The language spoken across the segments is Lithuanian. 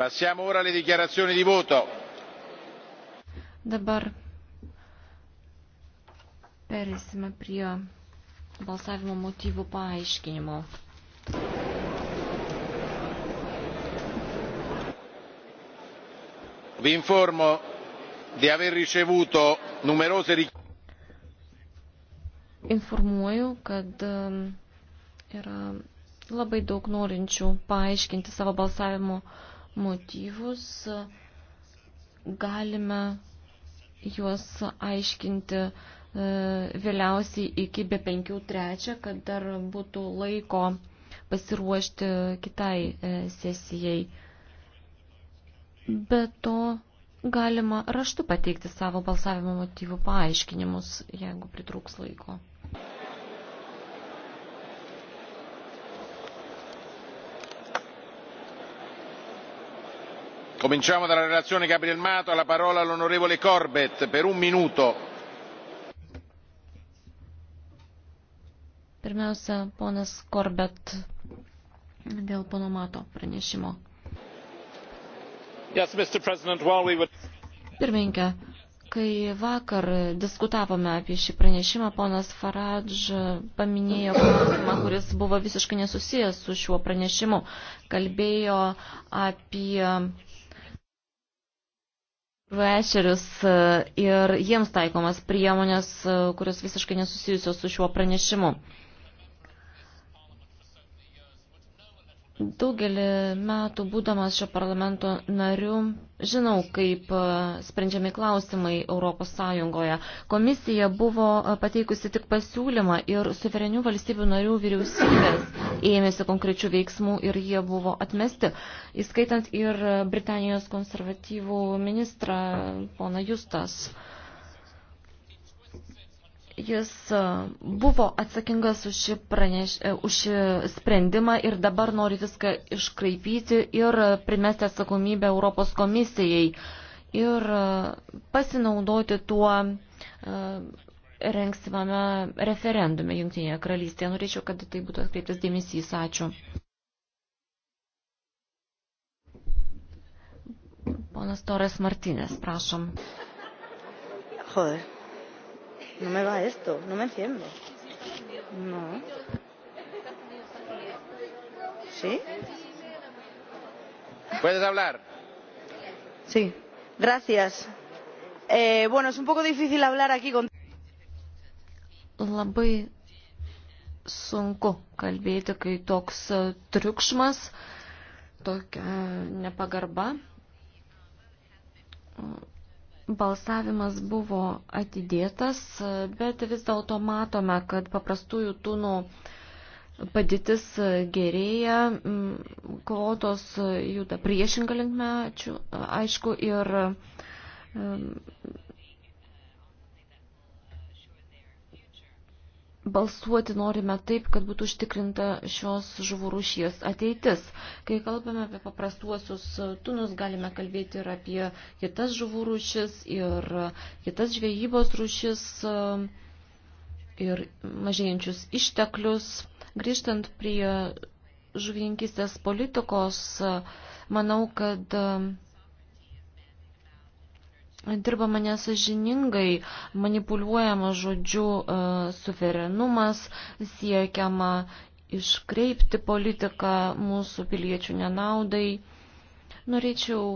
Passiamo ora alle dichiarazioni di voto. Dabar perėsime prie balsavimo motyvų paaiškinimo. Vi informo di aver ricevuto numerose richieste. Informuoju, kad um, yra labai daug norinčių paaiškinti savo balsavimo motyvus, galime juos aiškinti e, vėliausiai iki be penkių trečią, kad dar būtų laiko pasiruošti kitai e, sesijai. Be to, galima raštu pateikti savo balsavimo motyvų paaiškinimus, jeigu pritrūks laiko. cominciamo dalla relazione gabriel mato ha la parola l'onorevole corbett per un minuto. pirmiausia ponas corbett dėl pono mato pranešimo. Yes, we were... pirmininke kai vakar diskutavome apie šį pranešimą ponas faradž paminėjo klausimą kuris buvo visiškai nesusijęs su šiuo pranešimu kalbėjo apie vešerius e, ir jiems taikomas priemonės, e, kurios visiškai nesusijusios su šiuo pranešimu. Daugelį metų būdamas šio parlamento nariu žinau, kaip e, sprendžiami klausimai Europos Sąjungoje. Komisija buvo e, pateikusi tik pasiūlymą ir suverenių valstybių narių vyriausybės ėmėsi konkrečių veiksmų ir jie buvo atmesti, įskaitant ir Britanijos konservatyvų ministrą poną Justas. Jis buvo atsakingas už šį, praneš, e, už šį sprendimą ir dabar nori viską iškraipyti ir primesti atsakomybę Europos komisijai ir pasinaudoti tuo rengsimame referendume Junktinėje karalystėje. Norėčiau, kad tai būtų atkreiptas dėmesys. Ačiū. Ponas Torres Martinės, prašom. Joder. No me va esto, no me enciende. No. ¿Sí? ¿Puedes hablar? Sí. Gracias. Eh, bueno, es un poco difícil hablar aquí con. Labai sunku kalbėti, kai toks e, triukšmas, tokia nepagarba Balsavimas buvo atidėtas, bet vis dėlto matome, kad paprastųjų tunų padėtis gerėja, kvotos juda priešingą linkme, aišku, ir balsuoti norime taip, kad būtų užtikrinta šios žuvų rūšies ateitis. Kai kalbame apie paprastuosius tunus, galime kalbėti ir apie kitas žuvų rūšis, ir kitas žvejybos rūšis, ir mažėjančius išteklius. Grįžtant prie žuvininkistės politikos, manau, kad dirbama nesažiningai, manipuliuojama žodžiu e, suverenumas, siekiama iškreipti politiką mūsų piliečių nenaudai. Norėčiau,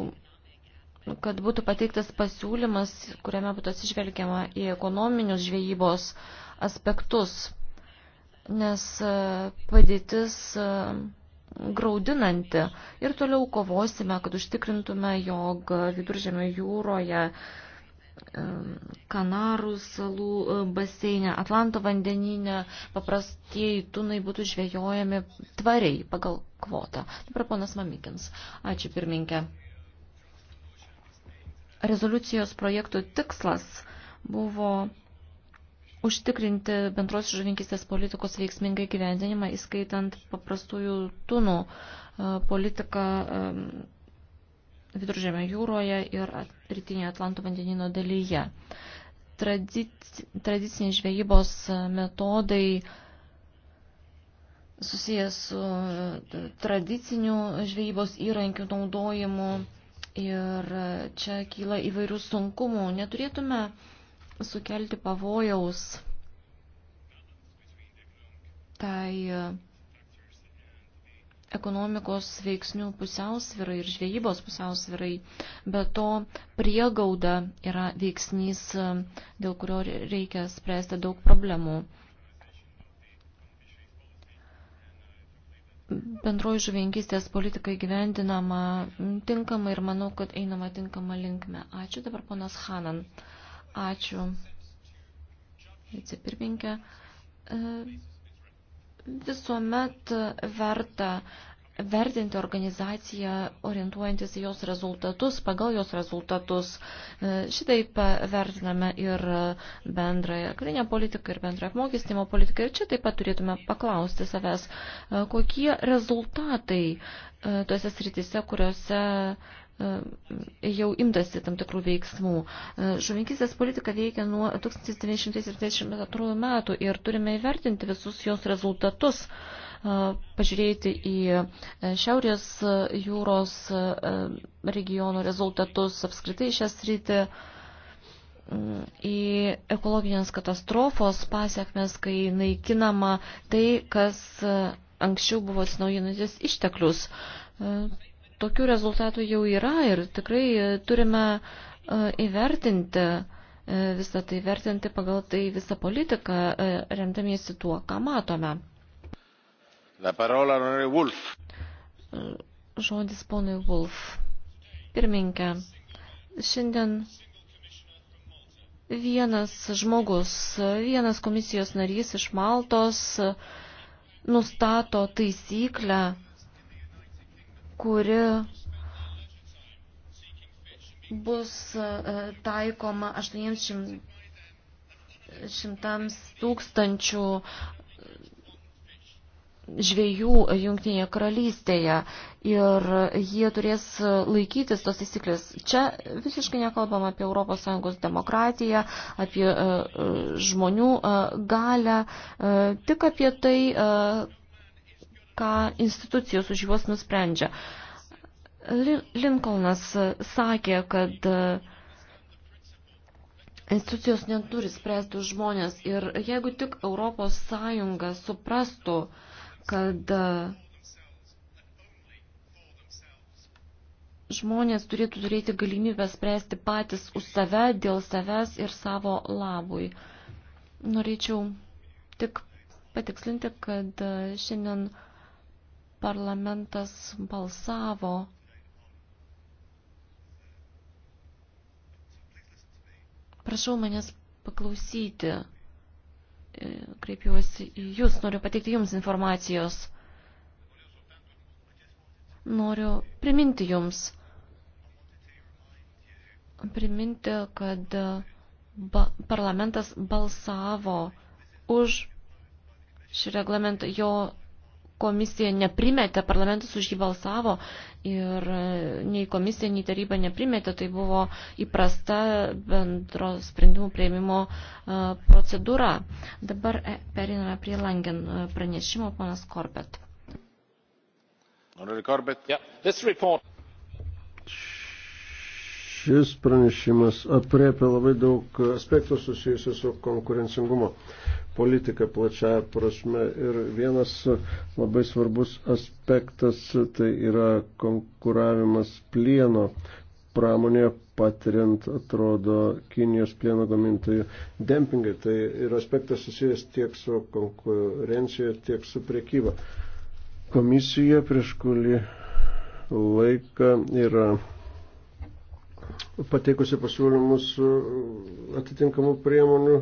kad būtų pateiktas pasiūlymas, kuriame būtų atsižvelgiama į ekonominius žvejybos aspektus, nes e, padėtis e, graudinanti ir toliau kovosime, kad užtikrintume, jog viduržėmio jūroje Kanarų salų e, baseinė, Atlanto vandeninė, paprastieji tunai būtų žvejojami tvariai pagal kvotą. Dabar ponas Mamikins. Ačiū pirminkė. Rezoliucijos projektų tikslas buvo užtikrinti bendros žuvinkistės politikos veiksmingą gyvendinimą, įskaitant paprastųjų tunų e, politiką e, Viduržėme jūroje ir rytinėje Atlanto vandenino dalyje. Tradiciniai žvejybos metodai susijęs su e, tradicinių žvejybos įrankių naudojimu ir čia kyla įvairių sunkumų. Neturėtume uh, sukelti pavojaus tai e, ekonomikos veiksnių pusiausvirai ir žvejybos pusiausvirai, bet to priegauda yra veiksnys, e, dėl kurio reikia spręsti daug problemų. Bendroji žuvininkystės politika įgyvendinama tinkamai ir manau, kad einama tinkama linkme. Ačiū dabar ponas Hanan. Ačiū. Vicepirminkė. E, visuomet verta vertinti organizaciją orientuojantis į jos rezultatus, pagal jos rezultatus. E, šitaip vertiname ir bendrąją karinę politiką, ir bendrąją apmokestimo politiką. Ir čia taip pat turėtume paklausti savęs, e, kokie rezultatai tose sritise, kuriuose jau imtasi tam tikrų veiksmų. Žuvinkistės politika veikia nuo 1972 metų ir turime įvertinti visus jos rezultatus, pažiūrėti į Šiaurės jūros regiono rezultatus, apskritai šią sritį į ekologinės katastrofos pasiekmes, kai naikinama tai, kas anksčiau buvo atsinaujinantis išteklius tokių rezultatų jau yra ir tikrai e, turime e, įvertinti e, visą tai, vertinti pagal tai visą politiką, remdamiesi tuo, ką matome. La parola onorevole Wolf. Žodis ponui Wolf. Pirminkė, šiandien vienas žmogus, vienas komisijos narys iš Maltos nustato taisyklę kuri bus e, taikoma 800 tūkstančių žvėjų Junktinėje karalystėje ir jie turės laikytis tos įsiklės. Čia visiškai nekalbam apie ES demokratiją, apie e, žmonių e, galę, tik apie tai, ką institucijos už juos nusprendžia. Lincolnas sakė, kad e, institucijos neturi spręsti už žmonės ir jeigu tik Europos Sąjunga suprastų, kad e, žmonės turėtų turėti galimybę spręsti patys už save, dėl savęs ir savo labui. Norėčiau tik patikslinti, kad e, šiandien parlamentas balsavo Prašau manęs paklausyti. E, kreipiuosi į Jūs, noriu pateikti Jums informacijos. Noriu priminti Jums. Priminti, kad ba parlamentas balsavo už šį reglamentą. Jo komisija neprimetė, parlamentas už jį balsavo ir e, nei komisija, nei taryba neprimetė, tai buvo įprasta bendro sprendimų prieimimo e, procedūra. Dabar e, periname prie Langen pranešimo, panas Korbet. Honorary Corbett, yeah, this report Šis pranešimas apriepia labai daug aspektų susijusių su konkurencingumo politika plačiaja prasme. Ir vienas labai svarbus aspektas tai yra konkuravimas plieno pramonėje patiriant, atrodo, Kinijos plieno gamintojų dempingai. Tai yra aspektas susijęs tiek su konkurencija, tiek su priekyba. Komisija prieš kurį laiką yra pateikusi pasiūlymus atitinkamų priemonių,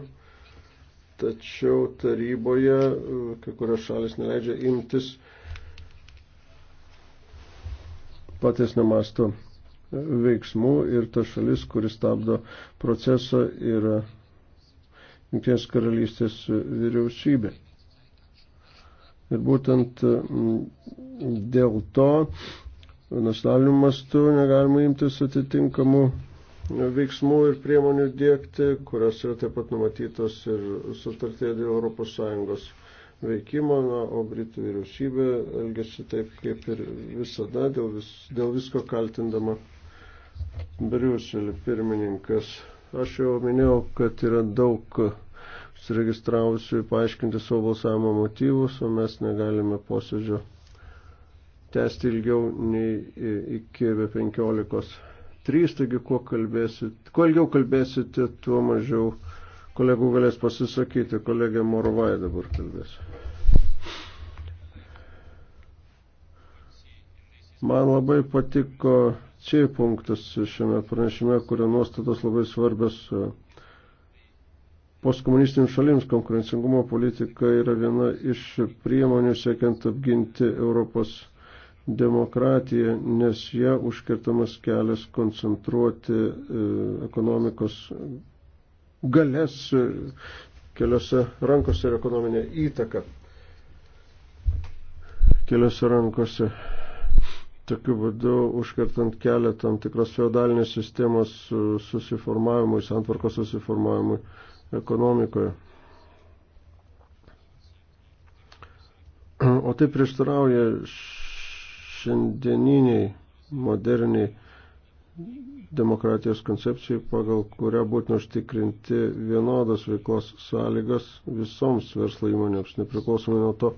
tačiau taryboje e, kai kurios šalis neleidžia imtis platesnio masto veiksmų ir ta šalis, kuris stabdo procesą, yra Junktinės karalystės vyriausybė. Ir būtent dėl to nacionaliniu mastu negalima imtis atitinkamų veiksmų ir priemonių dėkti, kurios yra taip pat numatytos ir sutartėje dėl ES veikimo, na, o Britų vyriausybė elgesi taip kaip ir visada, dėl, vis, dėl visko kaltindama Briuselį pirmininkas. Aš jau minėjau, kad yra daug suregistravusių paaiškinti savo balsavimo motyvus, o mes negalime posėdžio tęsti ilgiau nei e, iki be 15.3, taigi kuo, kalbėsit, kuo ilgiau kalbėsite, tuo mažiau kolegų galės pasisakyti. Kolegė Morovai dabar kalbės. Man labai patiko čia punktas šiame pranešime, kurio nuostatos labai svarbios e, Postkomunistiniams šalims konkurencingumo politika yra viena iš priemonių siekiant apginti Europos demokratiją, nes jie užkirtamas kelias koncentruoti e, ekonomikos galės e, keliose rankose ir ekonominė įtaka keliose rankose. Tokiu būdu užkartant kelią tam tikros feudalinės sistemos e, susiformavimui, santvarkos susiformavimui ekonomikoje. O tai prieštarauja š šiandieniniai moderniai demokratijos koncepcijai, pagal kurią būtina užtikrinti vienodas veiklos sąlygas visoms verslo įmonėms, nepriklausomai nuo to,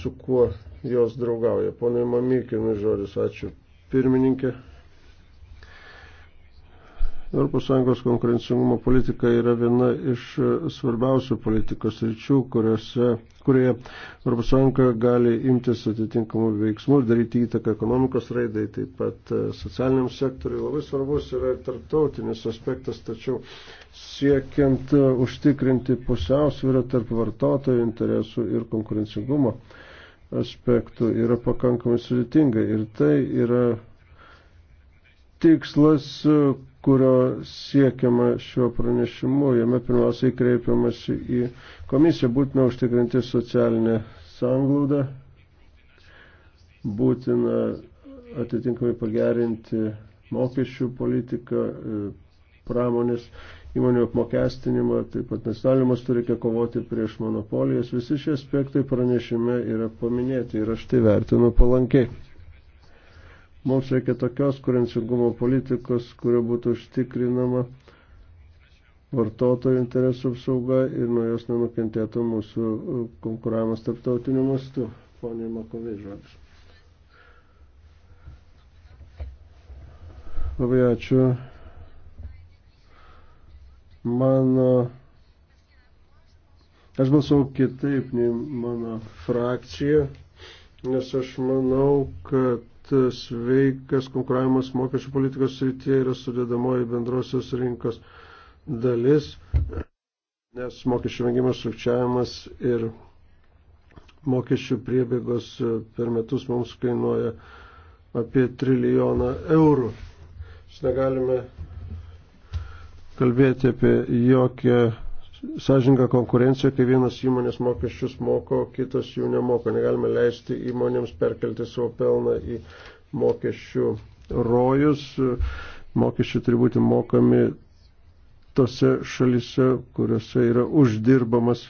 su kuo jos draugauja. Pone Mamykinai, žodis, ačiū pirmininkė. ES konkurencingumo politika yra viena iš svarbiausių politikos ryčių, kuriuose, kurie ES gali imtis atitinkamų veiksmų ir daryti įtaką ekonomikos raidai, taip pat e, socialiniam sektoriui. Labai svarbus yra ir tarptautinis aspektas, tačiau siekiant e, užtikrinti pusiausvyrą tarp vartotojų interesų ir konkurencingumo aspektų yra pakankamai sudėtinga ir tai yra tikslas, kurio siekiama šiuo pranešimu. Jame pirmiausiai kreipiamasi į komisiją būtina užtikrinti socialinę sanglaudą, būtina atitinkamai pagerinti mokesčių politiką, e, pramonės įmonių apmokestinimą, taip pat nacionaliniu mastu reikia kovoti prieš monopolijas. Visi šie aspektai pranešime yra paminėti ir aš tai vertinu palankiai. Mums reikia tokios konkurencingumo politikos, kuria būtų užtikrinama vartotojų interesų apsauga ir nuo jos nenukentėtų mūsų uh, konkuravimas tarptautiniu mastu. Pone Makovė, žodis. Labai ačiū. Mano Aš balsavau kitaip nei mano frakcija, nes aš manau, kad sveikas konkuravimas mokesčių politikos srityje yra sudėdamoji bendrosios rinkos dalis, nes mokesčių vengimas, sukčiavimas ir mokesčių priebėgos per metus mums kainuoja apie trilijoną eurų. Mes negalime kalbėti apie jokią sąžininką konkurenciją, kai vienas įmonės mokesčius moko, kitas jų nemoka. Negalime leisti įmonėms perkelti savo pelną į mokesčių rojus. Mokesčiai turi būti mokami tose šalise, kuriuose yra uždirbamas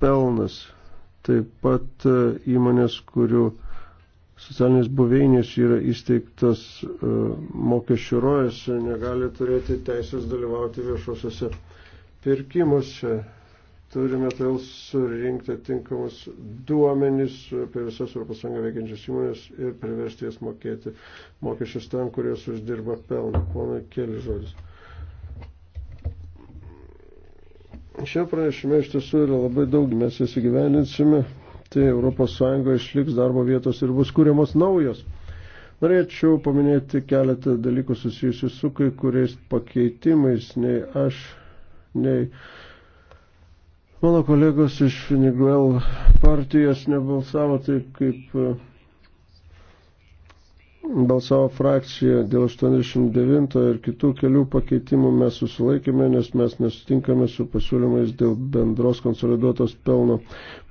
pelnas. Taip pat e, įmonės, kurių socialinės buveinės yra įsteigtas e, mokesčių rojas, negali turėti teisės dalyvauti viešuosiuose pirkimuose. Turime todėl surinkti tinkamus duomenys apie visas Europos Sąjungą veikiančias įmonės ir priversti jas mokėti mokesčius tam, kurios uždirba pelną. Ponai, keli žodis. Šie pranešime iš tiesų yra labai daug, mes jas įgyveninsime, tai Europos Sąjungoje išliks darbo vietos ir bus kūriamos naujos. Norėčiau paminėti keletą dalykų susijusių su kai kuriais pakeitimais, nei aš nei mano kolegos iš Finiguel partijos nebalsavo taip, kaip e, balsavo frakcija dėl 89 ir kitų kelių pakeitimų mes susilaikėme, nes mes nesutinkame su pasiūlymais dėl bendros konsoliduotos pelno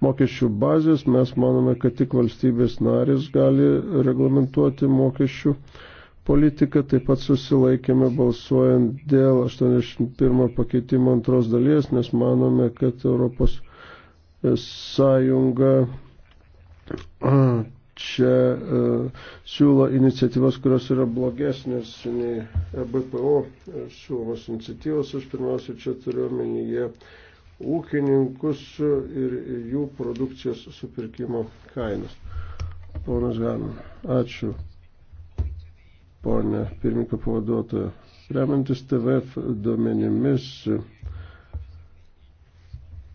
mokesčių bazės. Mes manome, kad tik valstybės narės gali reglamentuoti mokesčių politiką, taip pat susilaikėme balsuojant dėl 81 pakeitimo antros dalies, nes manome, kad Europos sąjunga čia e, siūlo iniciatyvas, kurios yra blogesnės nei e BPO e, siūlomos iniciatyvos. Aš pirmiausia čia turiu omenyje ūkininkus ir jų produkcijos supirkimo kainas. Ponas Ganan, ačiū ponė pirmininko pavaduotoja. Remiantis TVF duomenimis,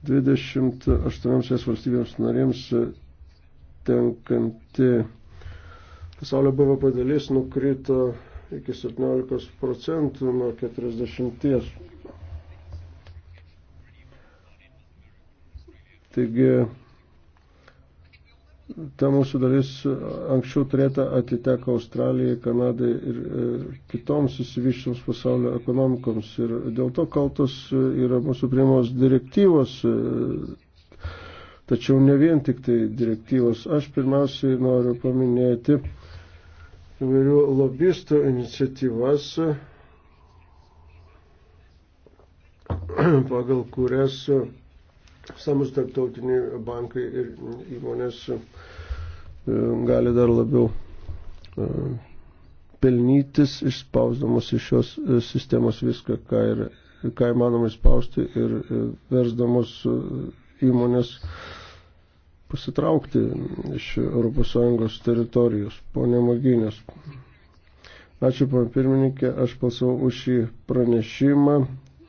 28 valstybėms narėms tenkanti pasaulio BVP dalis nukrito iki 17 procentų nuo 40. Taigi ta mūsų dalis anksčiau turėta atiteka Australijai, Kanadai ir e, kitoms susivyščioms pasaulio ekonomikoms. Ir dėl to kaltos e, yra mūsų priimamos direktyvos, e, tačiau ne vien tik tai direktyvos. Aš pirmiausiai noriu paminėti įvairių lobistų iniciatyvas, pagal kurias samus tarptautiniai bankai ir įmonės e, gali dar labiau e, pelnytis, išspausdamos iš šios e, sistemos viską, ką, ir, ką įmanoma išspausti ir versdamos įmonės pasitraukti iš ES teritorijos. Pone Maginės. Ačiū, pan pirmininkė, aš pasau už šį pranešimą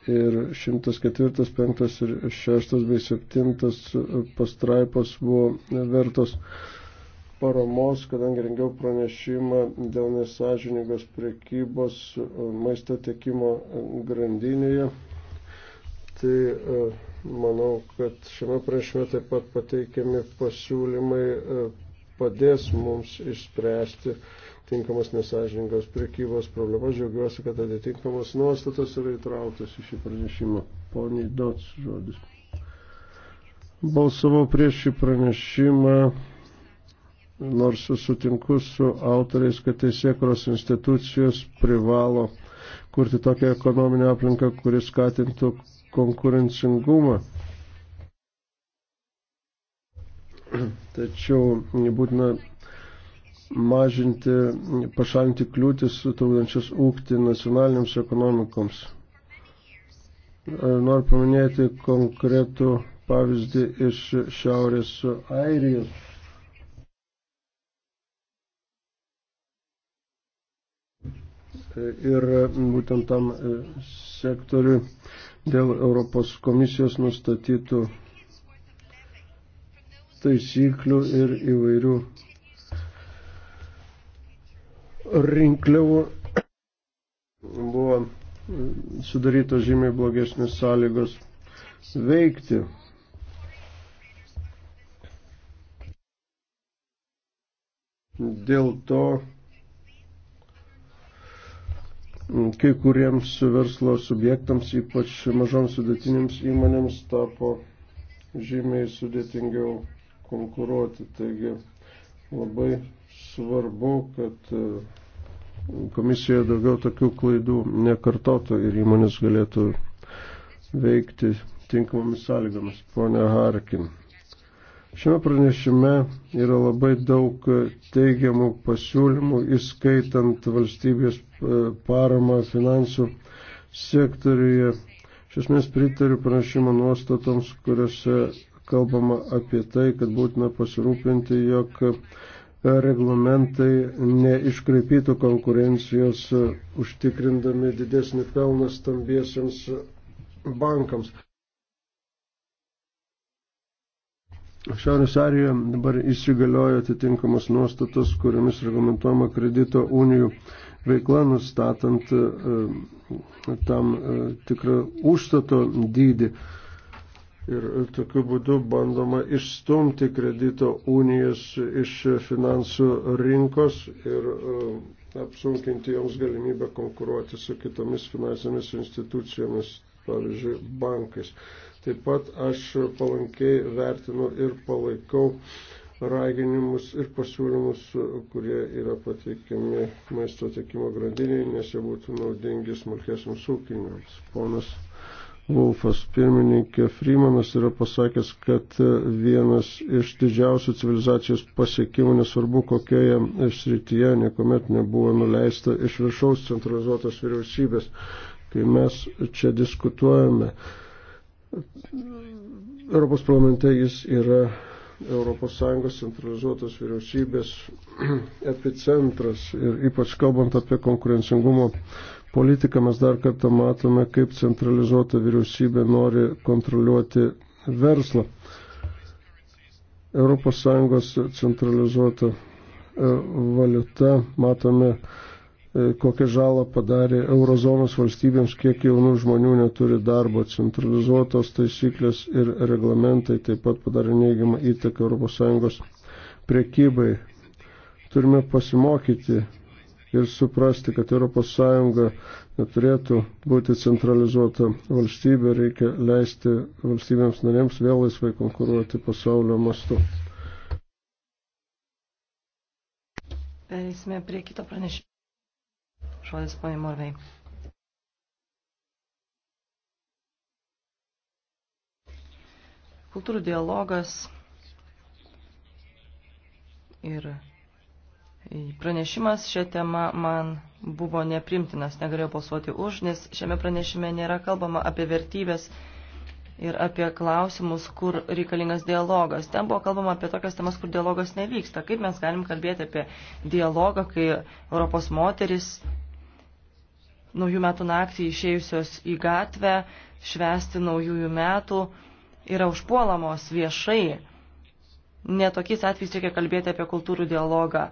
ir 104, 5 ir 6 bei 7 pastraipos buvo vertos paramos, kadangi rengiau pranešimą dėl nesažiningos priekybos maisto tiekimo grandinėje. Tai e, manau, kad šiame pranešime taip pat pateikiami pasiūlymai e, padės mums išspręsti uh, tinkamas nesažiningos priekybos problemas. Džiaugiuosi, kad atitinkamas nuostatas yra įtrauktas į šį pranešimą. Poniai Dots žodis. Balsavau prieš šį pranešimą, nors sutinku su autoriais, kad teisėkros institucijos privalo kurti tokią ekonominę aplinką, kuris skatintų konkurencingumą. Tačiau būtina mažinti, pašalinti kliūtis, trukdančias ūkti nacionaliniams ekonomikoms. E, noriu paminėti konkretų pavyzdį iš Šiaurės Airijos. E, ir būtent tam e, sektoriui dėl Europos komisijos nustatytų taisyklių ir įvairių rinkliavų buvo sudarytos žymiai blogesnės sąlygos veikti. Dėl to kai kuriems verslo subjektams, ypač mažoms sudėtinėms įmonėms, tapo žymiai sudėtingiau konkuruoti. Taigi labai svarbu, kad komisijoje daugiau tokių klaidų nekartotų ir įmonės galėtų veikti tinkamomis sąlygomis. Pone Harkin. Šiame pranešime yra labai daug teigiamų pasiūlymų, įskaitant valstybės e, paramą finansų sektoriuje. Iš esmės pritariu pranešimo nuostatoms, kuriuose kalbama apie tai, kad būtina pasirūpinti, jog reglamentai neiškreipytų konkurencijos, e, užtikrindami didesnį pelną stambiesiams bankams. Šiaurės Arijoje dabar įsigaliojo atitinkamas nuostatas, kuriamis reglamentuojama kredito unijų veikla, nustatant e, e, tam tikrą užstato dydį. Ir tokiu būdu bandoma išstumti kredito unijas iš finansų rinkos ir e, apsunkinti joms galimybę konkuruoti su kitomis finansinėmis institucijomis, pavyzdžiui, bankais. Taip pat aš palankiai vertinu ir palaikau raginimus ir pasiūlymus, kurie yra pateikiami maisto tiekimo grandiniai, nes jie būtų naudingi smulkesiams ūkininkams. Ponas Wolfas, pirmininkė Freemanas yra pasakęs, kad vienas iš didžiausių civilizacijos pasiekimų, nesvarbu kokioje srityje, niekuomet nebuvo nuleista iš viršaus centralizuotos vyriausybės. Kai mes čia diskutuojame, Europos parlamente jis yra ES centralizuotos vyriausybės epicentras ir ypač kalbant apie konkurencingumo politiką mes dar kartą matome, kaip centralizuota vyriausybė nori kontroliuoti verslą. ES centralizuota e, valiuta matome, e, kokią žalą padarė eurozonos valstybėms, kiek jaunų žmonių neturi darbo, centralizuotos taisyklės ir reglamentai taip pat padarė neigiamą įtaką ES priekybai. Turime pasimokyti ir suprasti, kad ES neturėtų būti centralizuota valstybė, reikia leisti valstybėms narėms vėl laisvai konkuruoti pasaulio mastu. Perėsime prie kito pranešimo. Žodis ponai Morvei. Kultūrų dialogas ir Pranešimas šią temą man buvo neprimtinas, negalėjau balsuoti už, nes šiame pranešime nėra kalbama apie vertybės ir apie klausimus, kur reikalingas dialogas. Ten buvo kalbama apie tokias temas, kur dialogas nevyksta. Kaip mes galim kalbėti apie dialogą, kai Europos moteris naujų metų naktį išėjusios į gatvę švesti naujųjų metų yra užpuolamos viešai. Netokiais atvejais reikia kalbėti apie kultūrų dialogą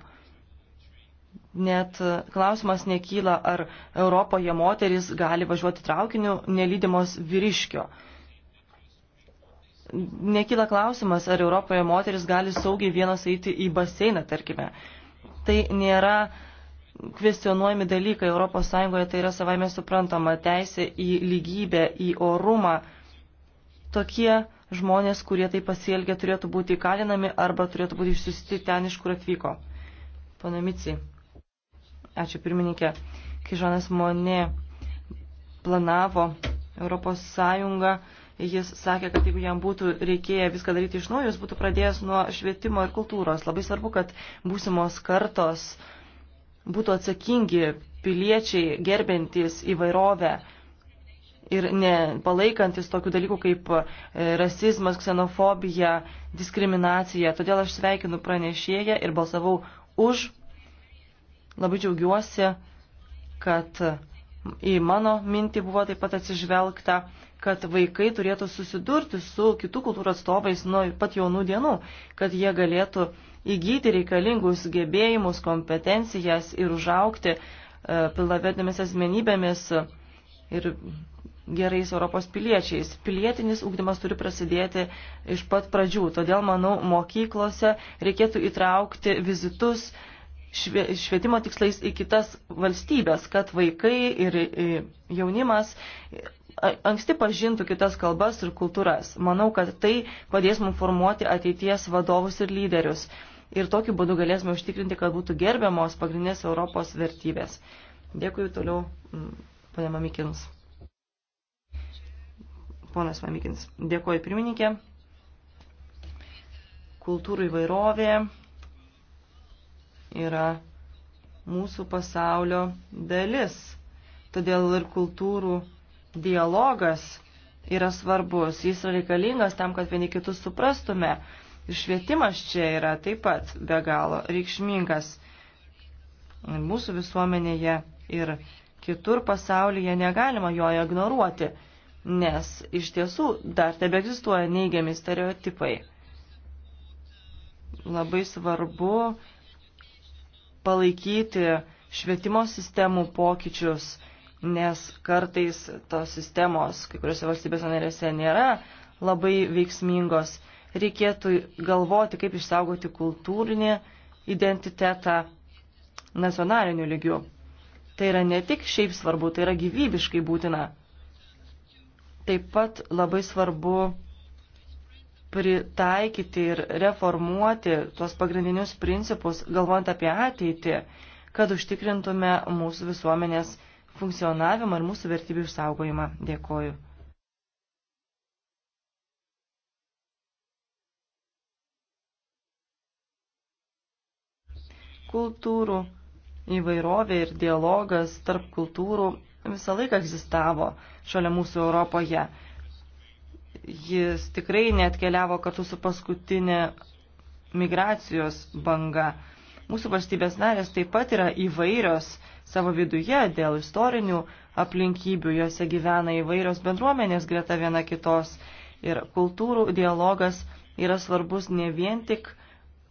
net klausimas nekyla, ar Europoje moteris gali važiuoti traukiniu nelydimos vyriškio. Nekyla klausimas, ar Europoje moteris gali saugiai vienas eiti į baseiną, tarkime. Tai nėra kvestionuojami dalykai Europos Sąjungoje, tai yra savaime suprantama teisė į lygybę, į orumą. Tokie žmonės, kurie tai pasielgia, turėtų būti įkalinami arba turėtų būti išsiusti ten, iš kur atvyko. Pana Mici. Ačiū pirmininkė. Kai Žanas Monė planavo Europos Sąjungą, jis sakė, kad jeigu jam būtų reikėję viską daryti iš naujo, jis būtų pradėjęs nuo švietimo ir kultūros. Labai svarbu, kad būsimos kartos būtų atsakingi piliečiai, gerbintys įvairovę ir nepalaikantis tokių dalykų kaip e, rasizmas, ksenofobija, diskriminacija. Todėl aš sveikinu pranešėją ir balsavau už Labai džiaugiuosi, kad į mano mintį buvo taip pat atsižvelgta, kad vaikai turėtų susidurti su kitų kultūrų atstovais nuo pat jaunų dienų, kad jie galėtų įgyti reikalingus gebėjimus, kompetencijas ir užaukti e, pilnavertėmis asmenybėmis ir gerais Europos piliečiais. Pilietinis ūkdymas turi prasidėti iš pat pradžių, todėl manau, mokyklose reikėtų įtraukti vizitus švietimo tikslais į kitas valstybės, kad vaikai ir jaunimas anksti pažintų kitas kalbas ir kultūras. Manau, kad tai padės mums formuoti ateities vadovus ir lyderius. Ir tokiu būdu galėsime užtikrinti, kad būtų gerbiamos pagrindinės Europos vertybės. Dėkui toliau, ponė Mamikins. Ponas Mamikins. Dėkuoju pirmininkė. Kultūrų įvairovė yra mūsų pasaulio dalis. Todėl ir kultūrų dialogas yra svarbus, jis yra reikalingas tam, kad vieni kitus suprastume. Ir švietimas čia yra taip pat be galo reikšmingas. Ir mūsų visuomenėje ir kitur pasaulyje negalima jo ignoruoti, nes iš tiesų dar tebe egzistuoja neigiami stereotipai. Labai svarbu palaikyti švietimo sistemų pokyčius, nes kartais tos sistemos, kai kuriuose valstybės narėse, nėra labai veiksmingos. Reikėtų galvoti, kaip išsaugoti kultūrinį identitetą nacionaliniu lygiu. Tai yra ne tik šiaip svarbu, tai yra gyvybiškai būtina. Taip pat labai svarbu pritaikyti ir reformuoti tuos pagrindinius principus, galvojant apie ateitį, kad užtikrintume mūsų visuomenės funkcionavimą ir mūsų vertybių išsaugojimą. Dėkoju. Kultūrų įvairovė ir dialogas tarp kultūrų visą laiką egzistavo šalia mūsų Europoje jis tikrai netkeliavo kartu su paskutinė migracijos banga. Mūsų valstybės narės taip pat yra įvairios savo viduje dėl istorinių aplinkybių, juose gyvena įvairios bendruomenės greta viena kitos ir kultūrų dialogas yra svarbus ne vien tik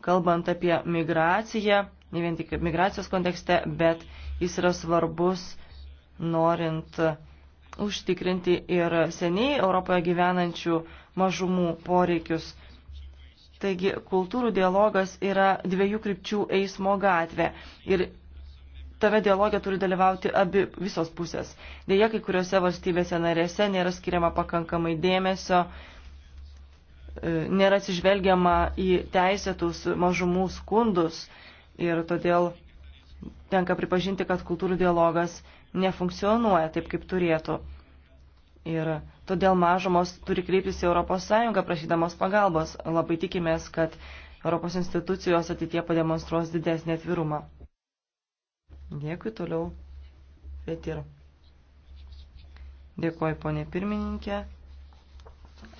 kalbant apie migraciją, ne vien tik migracijos kontekste, bet jis yra svarbus norint užtikrinti ir seniai Europoje gyvenančių mažumų poreikius. Taigi kultūrų dialogas yra dviejų krypčių eismo gatvė ir tame dialoge turi dalyvauti abi visos pusės. Deja, kai kuriuose valstybėse narėse nėra skiriama pakankamai dėmesio, e, nėra atsižvelgiama į teisėtus mažumų skundus ir todėl tenka pripažinti, kad kultūrų dialogas nefunkcionuoja taip, kaip turėtų. Ir todėl mažumos turi kreiptis į ES prašydamos pagalbos. Labai tikimės, kad Europos institucijos ateitie pademonstruos didesnį atvirumą. Dėkui toliau. Petir. Dėkuoju, ponė pirmininkė.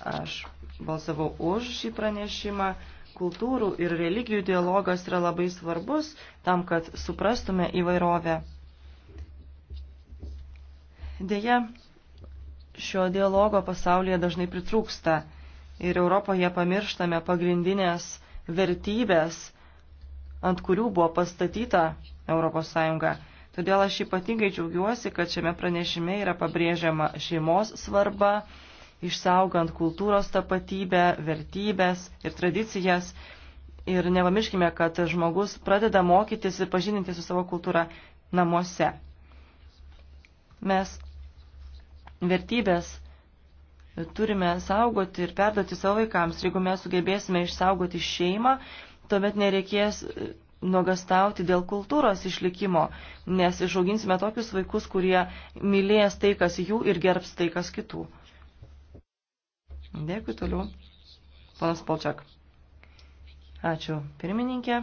Aš balsavau už šį pranešimą. Kultūrų ir religijų dialogas yra labai svarbus tam, kad suprastume įvairovę. Deja, šio dialogo pasaulyje dažnai pritrūksta ir Europoje pamirštame pagrindinės vertybės, ant kurių buvo pastatyta ES. Todėl aš ypatingai džiaugiuosi, kad šiame pranešime yra pabrėžiama šeimos svarba, išsaugant kultūros tapatybę, vertybės ir tradicijas. Ir nepamirškime, kad žmogus pradeda mokytis ir pažininti su savo kultūra namuose. Mes vertybės turime saugoti ir perduoti savo vaikams. Jeigu mes sugebėsime išsaugoti šeimą, tuomet nereikės e, nuogastauti dėl kultūros išlikimo, nes išauginsime tokius vaikus, kurie mylės tai, kas jų ir gerbs tai, kas kitų. Dėkui toliau. Panas Polčiak. Ačiū, pirmininkė.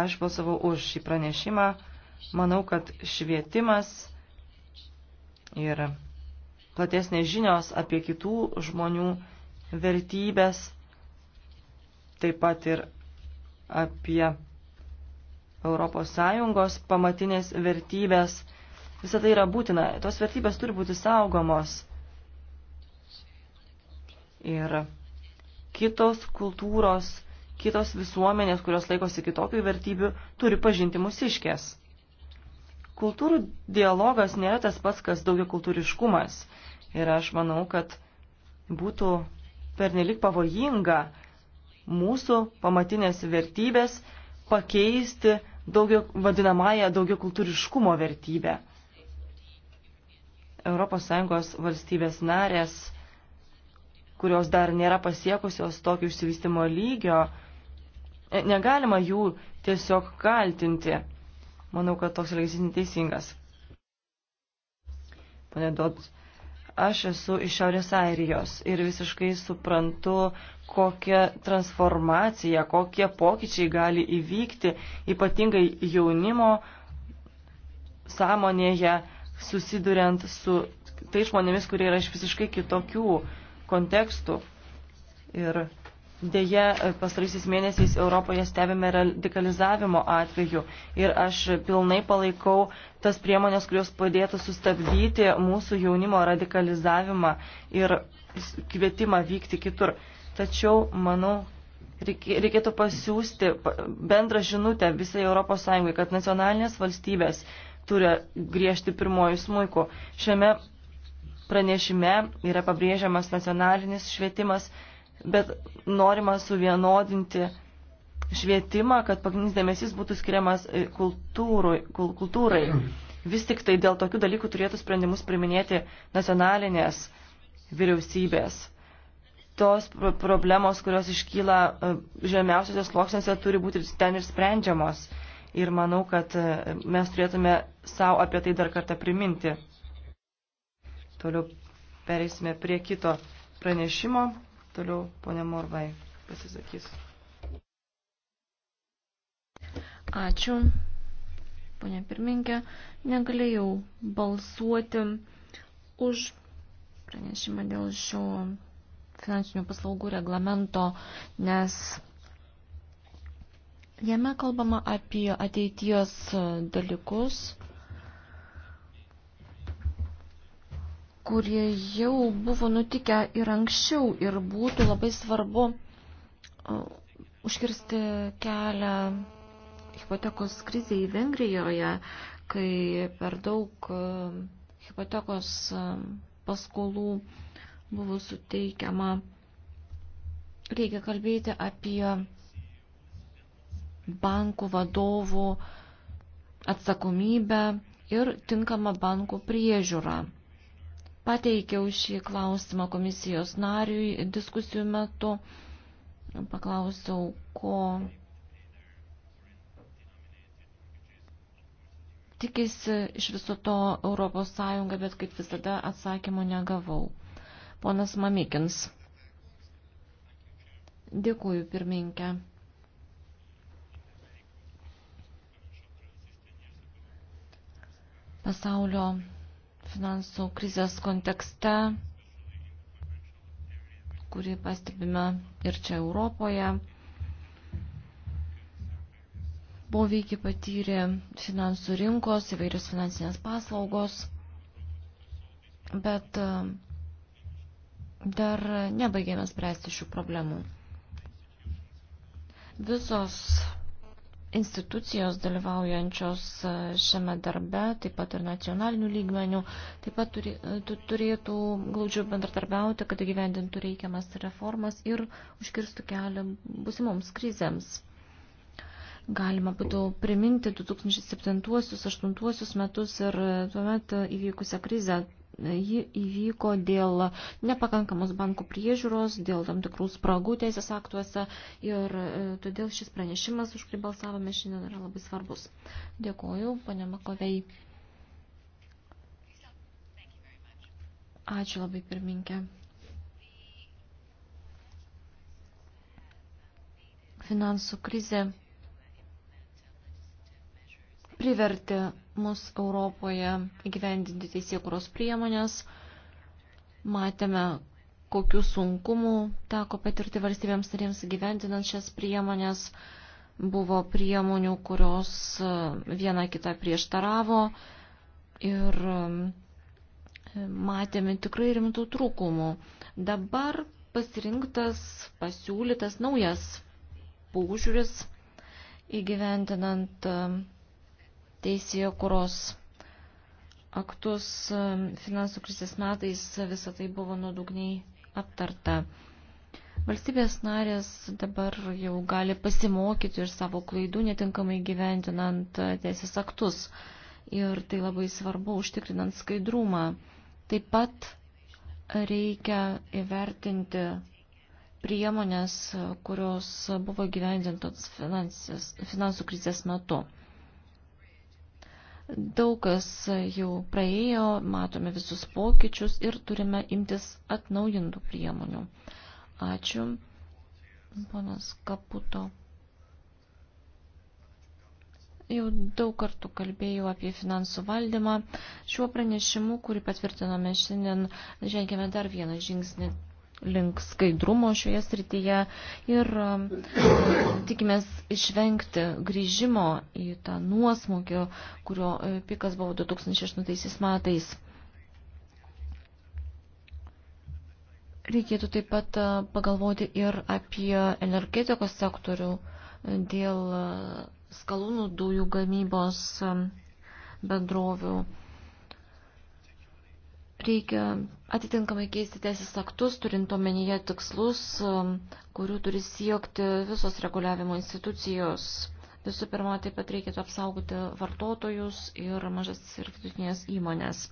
Aš balsavau už šį pranešimą. Manau, kad švietimas ir platesnės žinios apie kitų žmonių vertybės, taip pat ir apie ES pamatinės vertybės. Visą tai yra būtina. Tos vertybės turi būti saugomos. Ir kitos kultūros, kitos visuomenės, kurios laikosi kitokių vertybių, turi pažinti mūsiškės. Kultūrų dialogas nėra tas pats, kas daugia kultūriškumas. Ir aš manau, kad būtų pernelik pavojinga mūsų pamatinės vertybės pakeisti daugio, vadinamąją daugio kultūriškumo vertybę. ES valstybės narės, kurios dar nėra pasiekusios tokio išsivystimo lygio, negalima jų tiesiog kaltinti. Manau, kad toks elgesys neteisingas. Pane Dodds, aš esu iš Šiaurės Airijos ir visiškai suprantu, kokia transformacija, kokie pokyčiai gali įvykti, ypatingai jaunimo sąmonėje, susiduriant su tai žmonėmis, kurie yra iš visiškai kitokių kontekstų. Ir Deja, pastarysiais mėnesiais Europoje stebime radikalizavimo atveju ir aš pilnai palaikau tas priemonės, kurios padėtų sustabdyti mūsų jaunimo radikalizavimą ir kvietimą vykti kitur. Tačiau, manau, reikėtų pasiūsti bendrą žinutę visai ES, kad nacionalinės valstybės turi griežti pirmojų smūkų. Šiame pranešime yra pabrėžiamas nacionalinis švietimas bet norima suvienodinti švietimą, kad pagrindinis dėmesys būtų skiriamas e, kultūrui, kultūrai. Vis tik tai dėl tokių dalykų turėtų sprendimus priminėti nacionalinės vyriausybės. Tos problemos, kurios iškyla e, žemiausiose sluoksniuose, turi būti ten ir sprendžiamos. Ir manau, kad e, mes turėtume savo apie tai dar kartą priminti. Toliau pereisime prie kito pranešimo. Toliau ponė Morvai pasisakys. Ačiū, ponė pirminkė. Negalėjau balsuoti už pranešimą dėl šio finansinių paslaugų reglamento, nes jame kalbama apie ateities dalykus kurie jau buvo nutikę ir anksčiau ir būtų labai svarbu užkirsti kelią hipotekos kriziai Vengrijoje, kai per daug hipotekos paskolų buvo suteikiama. Reikia kalbėti apie bankų vadovų atsakomybę ir tinkamą bankų priežiūrą. Pateikiau šį klausimą komisijos nariui diskusijų metu. Paklausiau, ko tikisi iš viso to Europos Sąjunga, bet kaip visada atsakymo negavau. Ponas Mamikins. Dėkuoju, pirminkė. Pasaulio finansų krizės kontekste, kurį pastebime ir čia Europoje. Poveikį patyrė finansų rinkos, įvairios finansinės paslaugos, bet dar nebaigėme spręsti šių problemų. Visos institucijos dalyvaujančios e, šiame darbe, taip pat ir nacionalinių lygmenių, taip pat turi, e, turėtų glaudžiau bendradarbiauti, kad įgyvendintų reikiamas reformas ir užkirstų kelią busimoms krizėms. Galima būtų priminti 2007-2008 metus ir tuomet įvykusią krizę ji įvyko dėl nepakankamos bankų priežiūros, dėl tam tikrų spragų teisės aktuose ir e, todėl šis pranešimas, už kurį balsavome šiandien, yra labai svarbus. Dėkoju, pane Makovei. Ačiū labai pirminkė. Finansų krizė privertė mus Europoje įgyvendinti teisėkuros priemonės. Matėme, kokių sunkumų teko patirti valstybėms narėms įgyvendinant šias priemonės. Buvo priemonių, kurios e, viena kita prieštaravo ir e, matėme tikrai rimtų trūkumų. Dabar pasirinktas, pasiūlytas naujas paužiūris įgyvendinant e, teisėjo kuros aktus finansų krizės metais visą tai buvo nuodugniai aptarta. Valstybės narės dabar jau gali pasimokyti ir savo klaidų netinkamai gyventinant teisės aktus. Ir tai labai svarbu užtikrinant skaidrumą. Taip pat reikia įvertinti priemonės, kurios buvo gyvendintos finansų krizės metu. Daug kas jau praėjo, matome visus pokyčius ir turime imtis atnaujintų priemonių. Ačiū, ponas Kaputo. Jau daug kartų kalbėjau apie finansų valdymą. Šiuo pranešimu, kurį patvirtiname šiandien, žengėme dar vieną žingsnį link skaidrumo šioje srityje ir um, tikimės išvengti grįžimo į tą nuosmukio, kurio e, pikas buvo 2008 metais. Reikėtų taip pat e, pagalvoti ir apie energetikos sektorių e, dėl skalūnų dujų gamybos bendrovių Reikia atitinkamai keisti teisės aktus, turint omenyje tikslus, um, kurių turi siekti visos reguliavimo institucijos. Visų pirma, taip pat reikėtų apsaugoti vartotojus ir mažas ir vidutinės įmonės.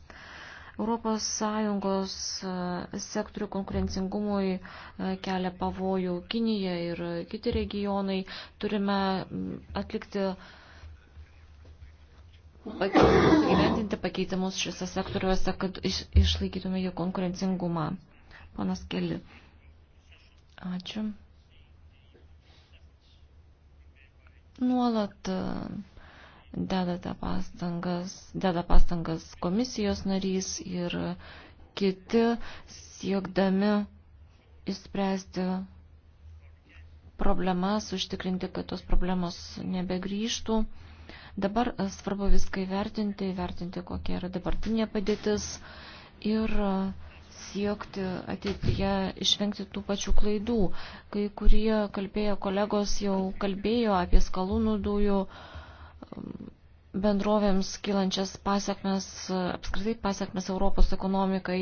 Europos Sąjungos uh, sektorių konkurencingumui uh, kelia pavojų Kinija ir kiti regionai. Turime mm, atlikti įgyvendinti pakeitimus šiuose sektoriuose, kad iš, išlaikytume jų konkurencingumą. Ponas Keli. Ačiū. Nuolat e, dedate pastangas, deda pastangas komisijos narys ir kiti siekdami išspręsti problemas, užtikrinti, kad tos problemos nebegrįžtų. Dabar e, svarbu viską įvertinti, įvertinti, kokia yra dabartinė padėtis ir e, siekti ateityje išvengti tų pačių klaidų. Kai kurie kalbėjo kolegos jau kalbėjo apie skalūnų dujų bendrovėms kylančias pasiekmes, apskritai pasiekmes Europos ekonomikai.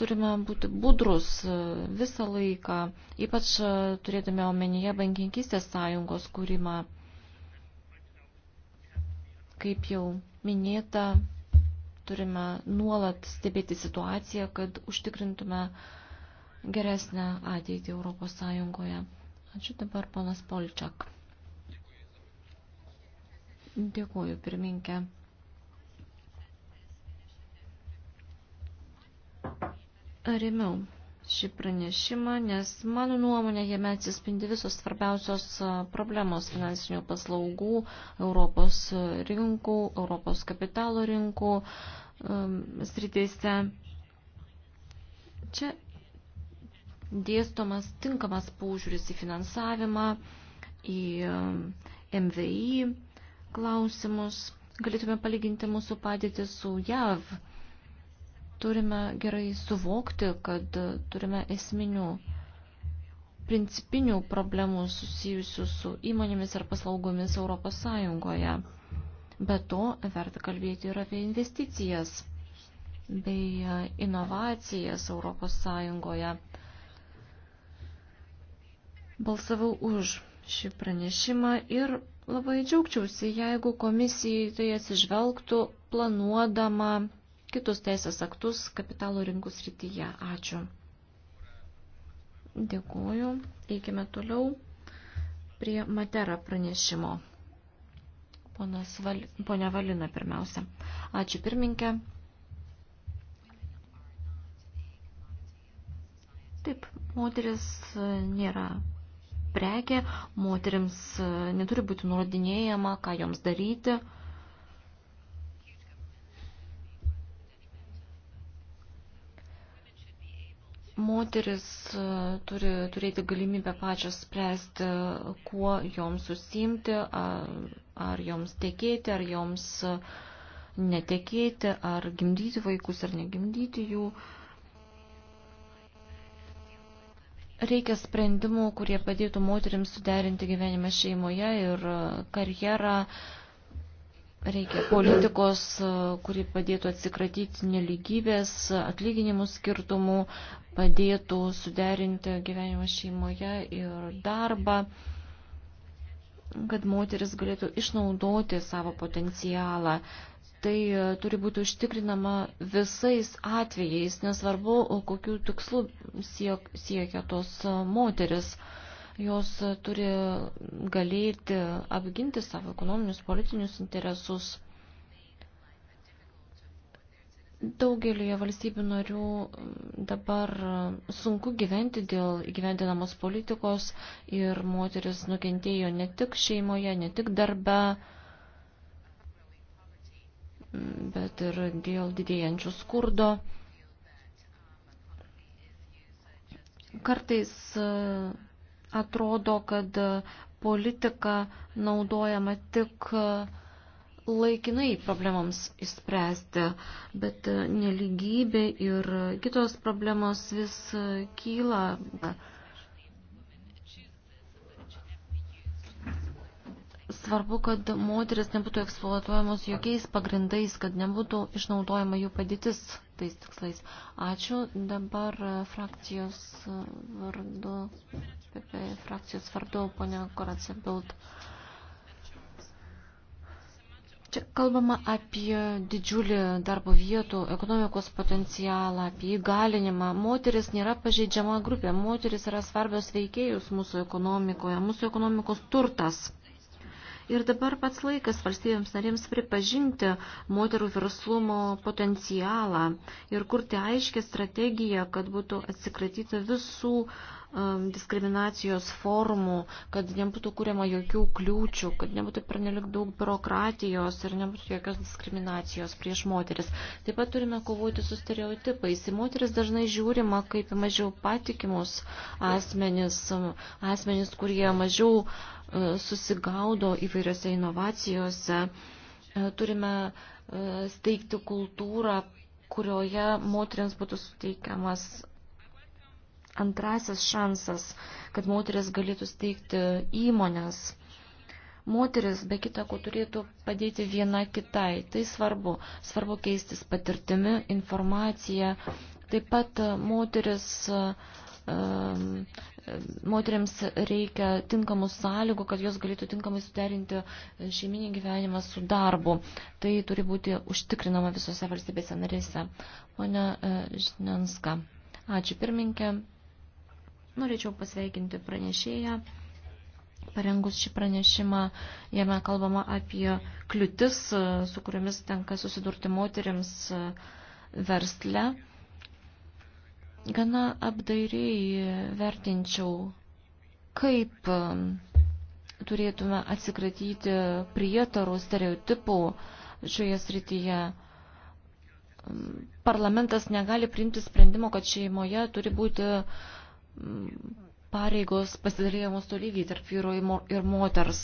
Turime būti budrus e, visą laiką, ypač turėtume omenyje bankinkistės sąjungos kūrimą. Kaip jau minėta, turime nuolat stebėti situaciją, kad užtikrintume geresnę ateitį Europos Sąjungoje. Ačiū dabar ponas Polčiak. Dėkuoju, pirminkė. Remiau šį pranešimą, nes mano nuomonė jame atsispindi visos svarbiausios problemos finansinių paslaugų, Europos rinkų, Europos kapitalo rinkų um, srityse. Čia dėstomas tinkamas paužiūris į finansavimą, į MVI um, klausimus. Galėtume palyginti mūsų padėtį su JAV turime gerai suvokti, kad turime esminių principinių problemų susijusių su įmonėmis ir paslaugomis Europos Sąjungoje. Be to, verta kalbėti ir apie investicijas bei inovacijas Europos Sąjungoje. Balsavau už šį pranešimą ir labai džiaugčiausi, jeigu komisijai tai atsižvelgtų planuodama kitus teisės aktus kapitalo rinkų srityje. Ačiū. Dėkuoju. Eikime toliau prie Matera pranešimo. Ponas Val... Ponia Valina pirmiausia. Ačiū pirminkė. Taip, moteris nėra prekė, moteriams e, neturi būti nurodinėjama, ką joms daryti. Moteris e, turi turėti galimybę pačios spręsti, kuo joms susimti, ar, ar joms tekėti, ar joms e, netekėti, ar gimdyti vaikus, ar negimdyti jų. Reikia sprendimų, kurie padėtų moteriams suderinti gyvenimą šeimoje ir e, karjerą, Reikia politikos, kuri padėtų atsikratyti neligybės, atlyginimų skirtumų, padėtų suderinti gyvenimą šeimoje ir darbą, kad moteris galėtų išnaudoti savo potencialą. Tai e, turi būti užtikrinama visais atvejais, nesvarbu, kokiu tikslu siek, siekia tos e, moteris. Uh, Jos turi galėti apginti savo ekonominius, politinius interesus. Daugelioje valstybių narių dabar sunku gyventi dėl įgyvendinamos politikos ir moteris nukentėjo ne tik šeimoje, ne tik darbe, bet ir dėl didėjančių skurdo. Kartais atrodo, kad politika naudojama tik laikinai problemams įspręsti, bet neligybė ir kitos problemos vis kyla. Svarbu, kad moteris nebūtų eksploatuojamos jokiais pagrindais, kad nebūtų išnaudojama jų padėtis tais tikslais. Ačiū. Dabar e, frakcijos e, vardu, PP e frakcijos vardu, ponia Koracija Bild. Čia kalbama apie didžiulį darbo vietų, ekonomikos potencialą, apie įgalinimą. Moteris nėra pažeidžiama grupė. Moteris yra svarbios veikėjus mūsų ekonomikoje, mūsų ekonomikos turtas. Ir dabar pats laikas valstybėms narėms pripažinti moterų verslumo potencialą ir kurti aiškę strategiją, kad būtų atsikratyta visų uh, diskriminacijos formų, kad nebūtų kūriama jokių kliūčių, kad nebūtų pernelik daug biurokratijos ir nebūtų jokios diskriminacijos prieš moteris. Taip pat turime kovoti su stereotipais. Į moteris dažnai žiūrima kaip mažiau patikimus asmenis, asmenis, kurie mažiau e, susigaudo įvairiose inovacijose. E, turime e, steigti kultūrą, kurioje moteriams būtų suteikiamas antrasis šansas, kad moteris galėtų steigti įmonės. Moteris be kita ko turėtų padėti viena kitai. Tai svarbu. Svarbu keistis patirtimi, informacija. Taip pat e, moteris e, e, moteriams reikia tinkamų sąlygų, kad jos galėtų tinkamai suderinti šeiminį gyvenimą su darbu. Tai turi būti užtikrinama visose valstybėse narėse. Pone Žinenska, ačiū pirminkė. Norėčiau pasveikinti pranešėją, parengus šį pranešimą. Jame kalbama apie kliūtis, su kuriomis tenka susidurti moteriams e, versle. Gana apdairiai vertinčiau, kaip e, turėtume atsikratyti prietarų stereotipų šioje srityje parlamentas negali priimti sprendimo, kad šeimoje turi būti pareigos pasidalėjamos tolygiai tarp vyro ir moters.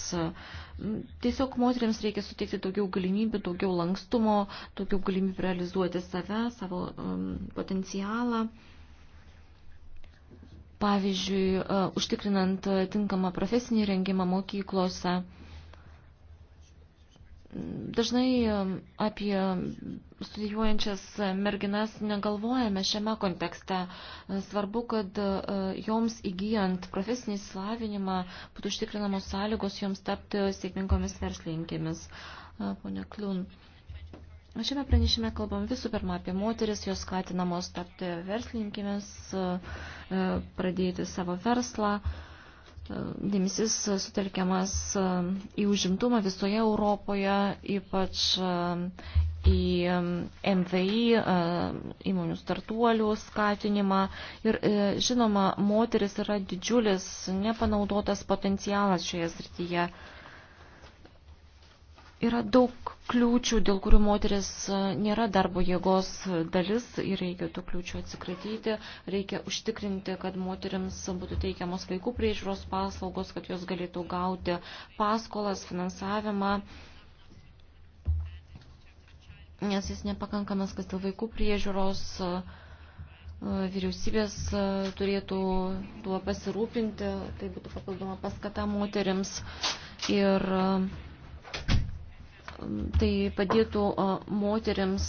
Tiesiog moteriams reikia suteikti daugiau galimybių, daugiau lankstumo, daugiau galimybių realizuoti save, savo um, potencialą. Pavyzdžiui, uh, užtikrinant uh, tinkamą profesinį rengimą mokyklose. Uh, Dažnai apie studijuojančias merginas negalvojame šiame kontekste. Svarbu, kad e, joms įgyjant profesinį slavinimą būtų užtikrinamos sąlygos joms tapti sėkmingomis verslininkėmis. E, pone Kliun. Šiame pranešime kalbam visų pirma apie moteris, jos skatinamos tapti verslininkėmis, e, pradėti savo verslą dėmesys sutelkiamas e, į užimtumą visoje Europoje, ypač e, į e, MVI, įmonių startuolių skatinimą. Ir žinoma, moteris yra didžiulis nepanaudotas potencialas šioje srityje. Yra daug kliūčių, dėl kurių moteris e, nėra darbo jėgos dalis ir reikia tų kliūčių atsikratyti. Reikia užtikrinti, kad moteriams būtų teikiamos vaikų priežiūros paslaugos, kad jos galėtų gauti paskolas, finansavimą, nes jis nepakankamas, kas dėl vaikų priežiūros e, vyriausybės e, turėtų tuo pasirūpinti, tai būtų papildoma paskata moteriams. Ir uh, tai padėtų moteriams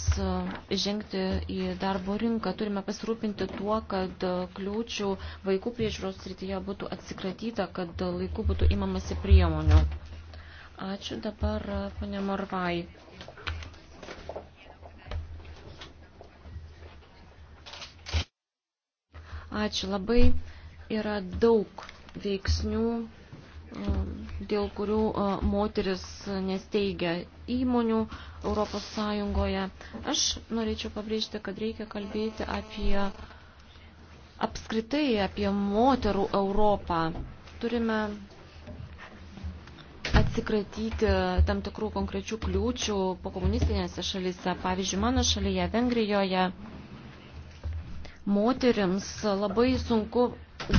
žengti į darbo rinką. Turime pasirūpinti tuo, kad kliūčių vaikų priežiūros srityje būtų atsikratyta, kad laiku būtų imamasi priemonių. Ačiū dabar, ponė Morvai. Ačiū labai. Yra daug veiksnių dėl kurių moteris nesteigia įmonių Europos Sąjungoje. Aš norėčiau pabrėžti, kad reikia kalbėti apie apskritai apie moterų Europą. Turime atsikratyti tam tikrų konkrečių kliūčių po komunistinėse šalyse. Pavyzdžiui, mano šalyje, Vengrijoje, moterims labai sunku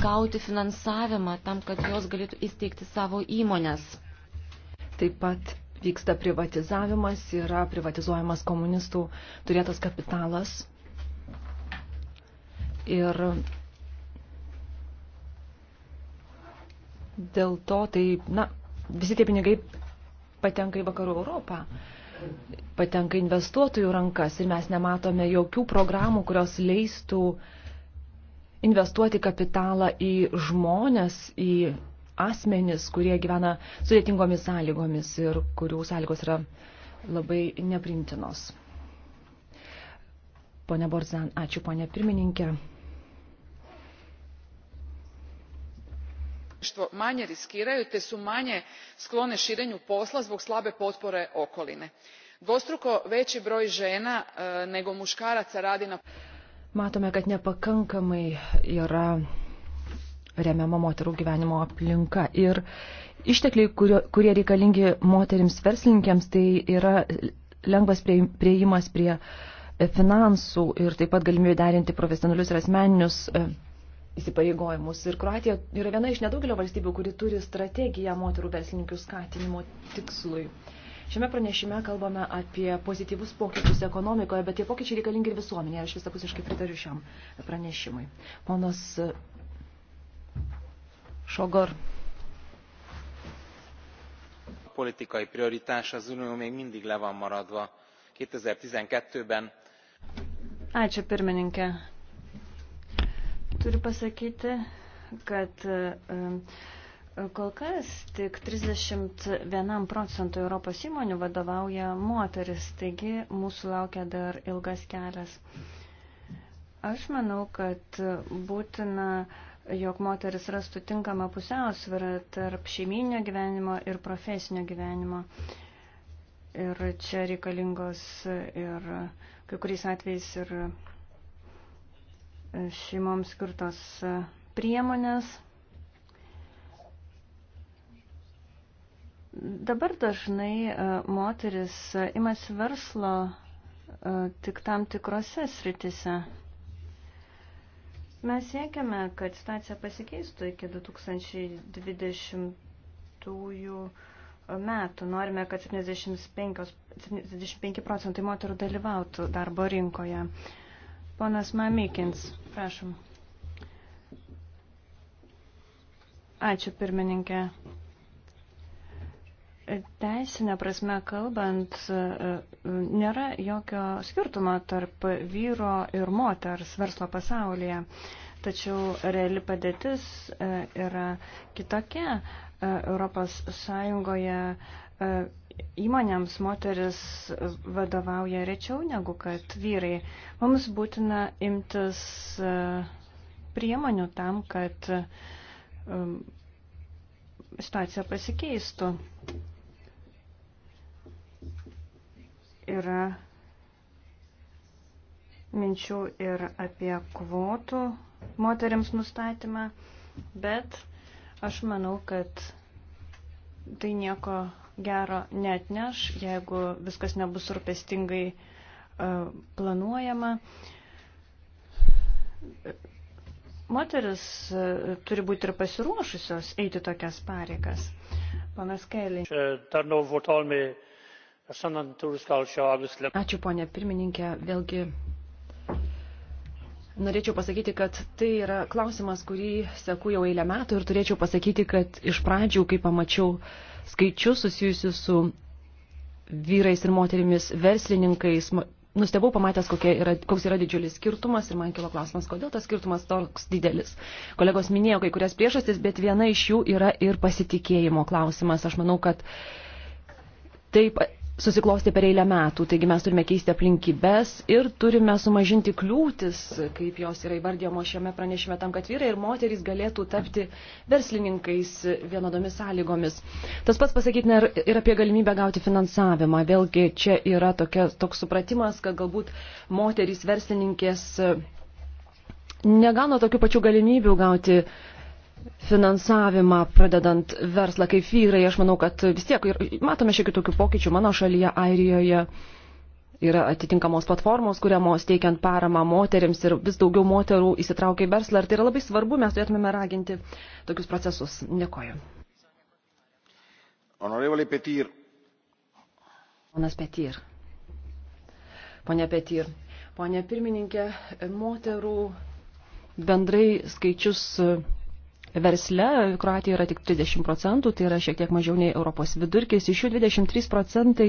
gauti finansavimą tam, kad jos galėtų įsteigti savo įmonės. Taip pat vyksta privatizavimas, yra privatizuojamas komunistų turėtas kapitalas. Ir dėl to tai, na, visi tie pinigai patenka į vakarų Europą, patenka investuotojų rankas ir mes nematome jokių programų, kurios leistų investuoti kapitalą į žmonės, į asmenis, kurie gyvena sudėtingomis sąlygomis ir kurių sąlygos yra labai neprintinos. Pone Borzan, ačiū, pone pirmininkė. manje riskiraju te su manje sklone irenju posla zbog slabe potpore okoline. dvostruko vei broj ena e, nego mukaraca radi na. matome kad nepakankamai yra remiama moterų gyvenimo aplinka. Ir ištekliai, kurio, kurie reikalingi moterims verslininkėms, tai yra lengvas prieimas prie e, finansų ir taip pat galimybė derinti profesionalius ir asmeninius e, įsipareigojimus. Ir Kroatija yra viena iš nedaugelio valstybių, kuri turi strategiją moterų verslininkų skatinimo tikslui. Šiame pranešime kalbame apie pozityvus pokyčius ekonomikoje, bet tie pokyčiai reikalingi ir visuomenėje. Aš visapusiškai pritariu šiam pranešimui. Ponas sogor politikai prioritás az unió még mindig le van maradva. two thousand and twelve ben ačiū pirmininke turiu pasakyti kad kol kas tik 31 procentui Europos įmonių vadovauja moteris, taigi mūsų laukia dar ilgas kelias. Aš manau, kad būtina uh, jog moteris rastų tinkamą pusiausvyrą tarp šeiminio gyvenimo ir profesinio gyvenimo. Ir čia reikalingos ir kai kuriais atvejais ir šeimoms skirtos priemonės. Dabar dažnai e, moteris e, imasi verslo e, tik tam tikrose sritise. Mes siekiame, kad situacija pasikeistų iki 2020 metų. Norime, kad 75, 75 procentai moterų dalyvautų darbo rinkoje. Ponas Mamikins, prašom. Ačiū pirmininkė. Teisinė prasme kalbant, nėra jokio skirtumo tarp vyro ir moters verslo pasaulyje, tačiau reali padėtis e, yra kitokia. E, Europos Sąjungoje e, įmonėms moteris vadovauja rečiau negu kad vyrai. Mums būtina imtis priemonių tam, kad situacija pasikeistų. yra minčių ir apie kvotų moteriams nustatymą, bet aš manau, kad tai nieko gero net neš, jeigu viskas nebus rūpestingai e, planuojama. Moteris e, turi būti ir pasiruošusios eiti tokias pareigas. Panas Kelly. Ačiū, ponė pirmininkė. Vėlgi norėčiau pasakyti, kad tai yra klausimas, kurį seku jau eilę metų ir turėčiau pasakyti, kad iš pradžių, kai pamačiau skaičius susijusius su vyrais ir moterimis verslininkais, nustebau pamatęs, yra, koks yra didžiulis skirtumas ir man kilo klausimas, kodėl tas skirtumas toks didelis. Kolegos minėjo kai kurias priežastis, bet viena iš jų yra ir pasitikėjimo klausimas. Aš manau, kad taip susiklosti per eilę metų. Taigi mes turime keisti aplinkybės ir turime sumažinti kliūtis, kaip jos yra įvardyjamos šiame pranešime, tam, kad vyrai ir moterys galėtų tapti verslininkais vienodomis sąlygomis. Tas pats pasakytina ir apie galimybę gauti finansavimą. Vėlgi čia yra tokia, toks supratimas, kad galbūt moterys verslininkės e, negauna tokių pačių galimybių gauti finansavimą finansavimą, pradedant verslą kaip vyrai, aš manau, kad vis tiek matome šiek tiek tokių pokyčių mano šalyje, Airijoje. Yra atitinkamos platformos, kuriamos teikiant paramą moteriams ir vis daugiau moterų įsitraukia į verslą. Ir tai yra labai svarbu, mes turėtumėme raginti tokius procesus. Dėkoju. Honorevole Petir. Ponas Petir. Pone Petir. Pone pirmininkė, moterų bendrai skaičius versle Kroatija yra tik 30 procentų, tai yra šiek tiek mažiau nei Europos vidurkis. Iš jų 23 procentai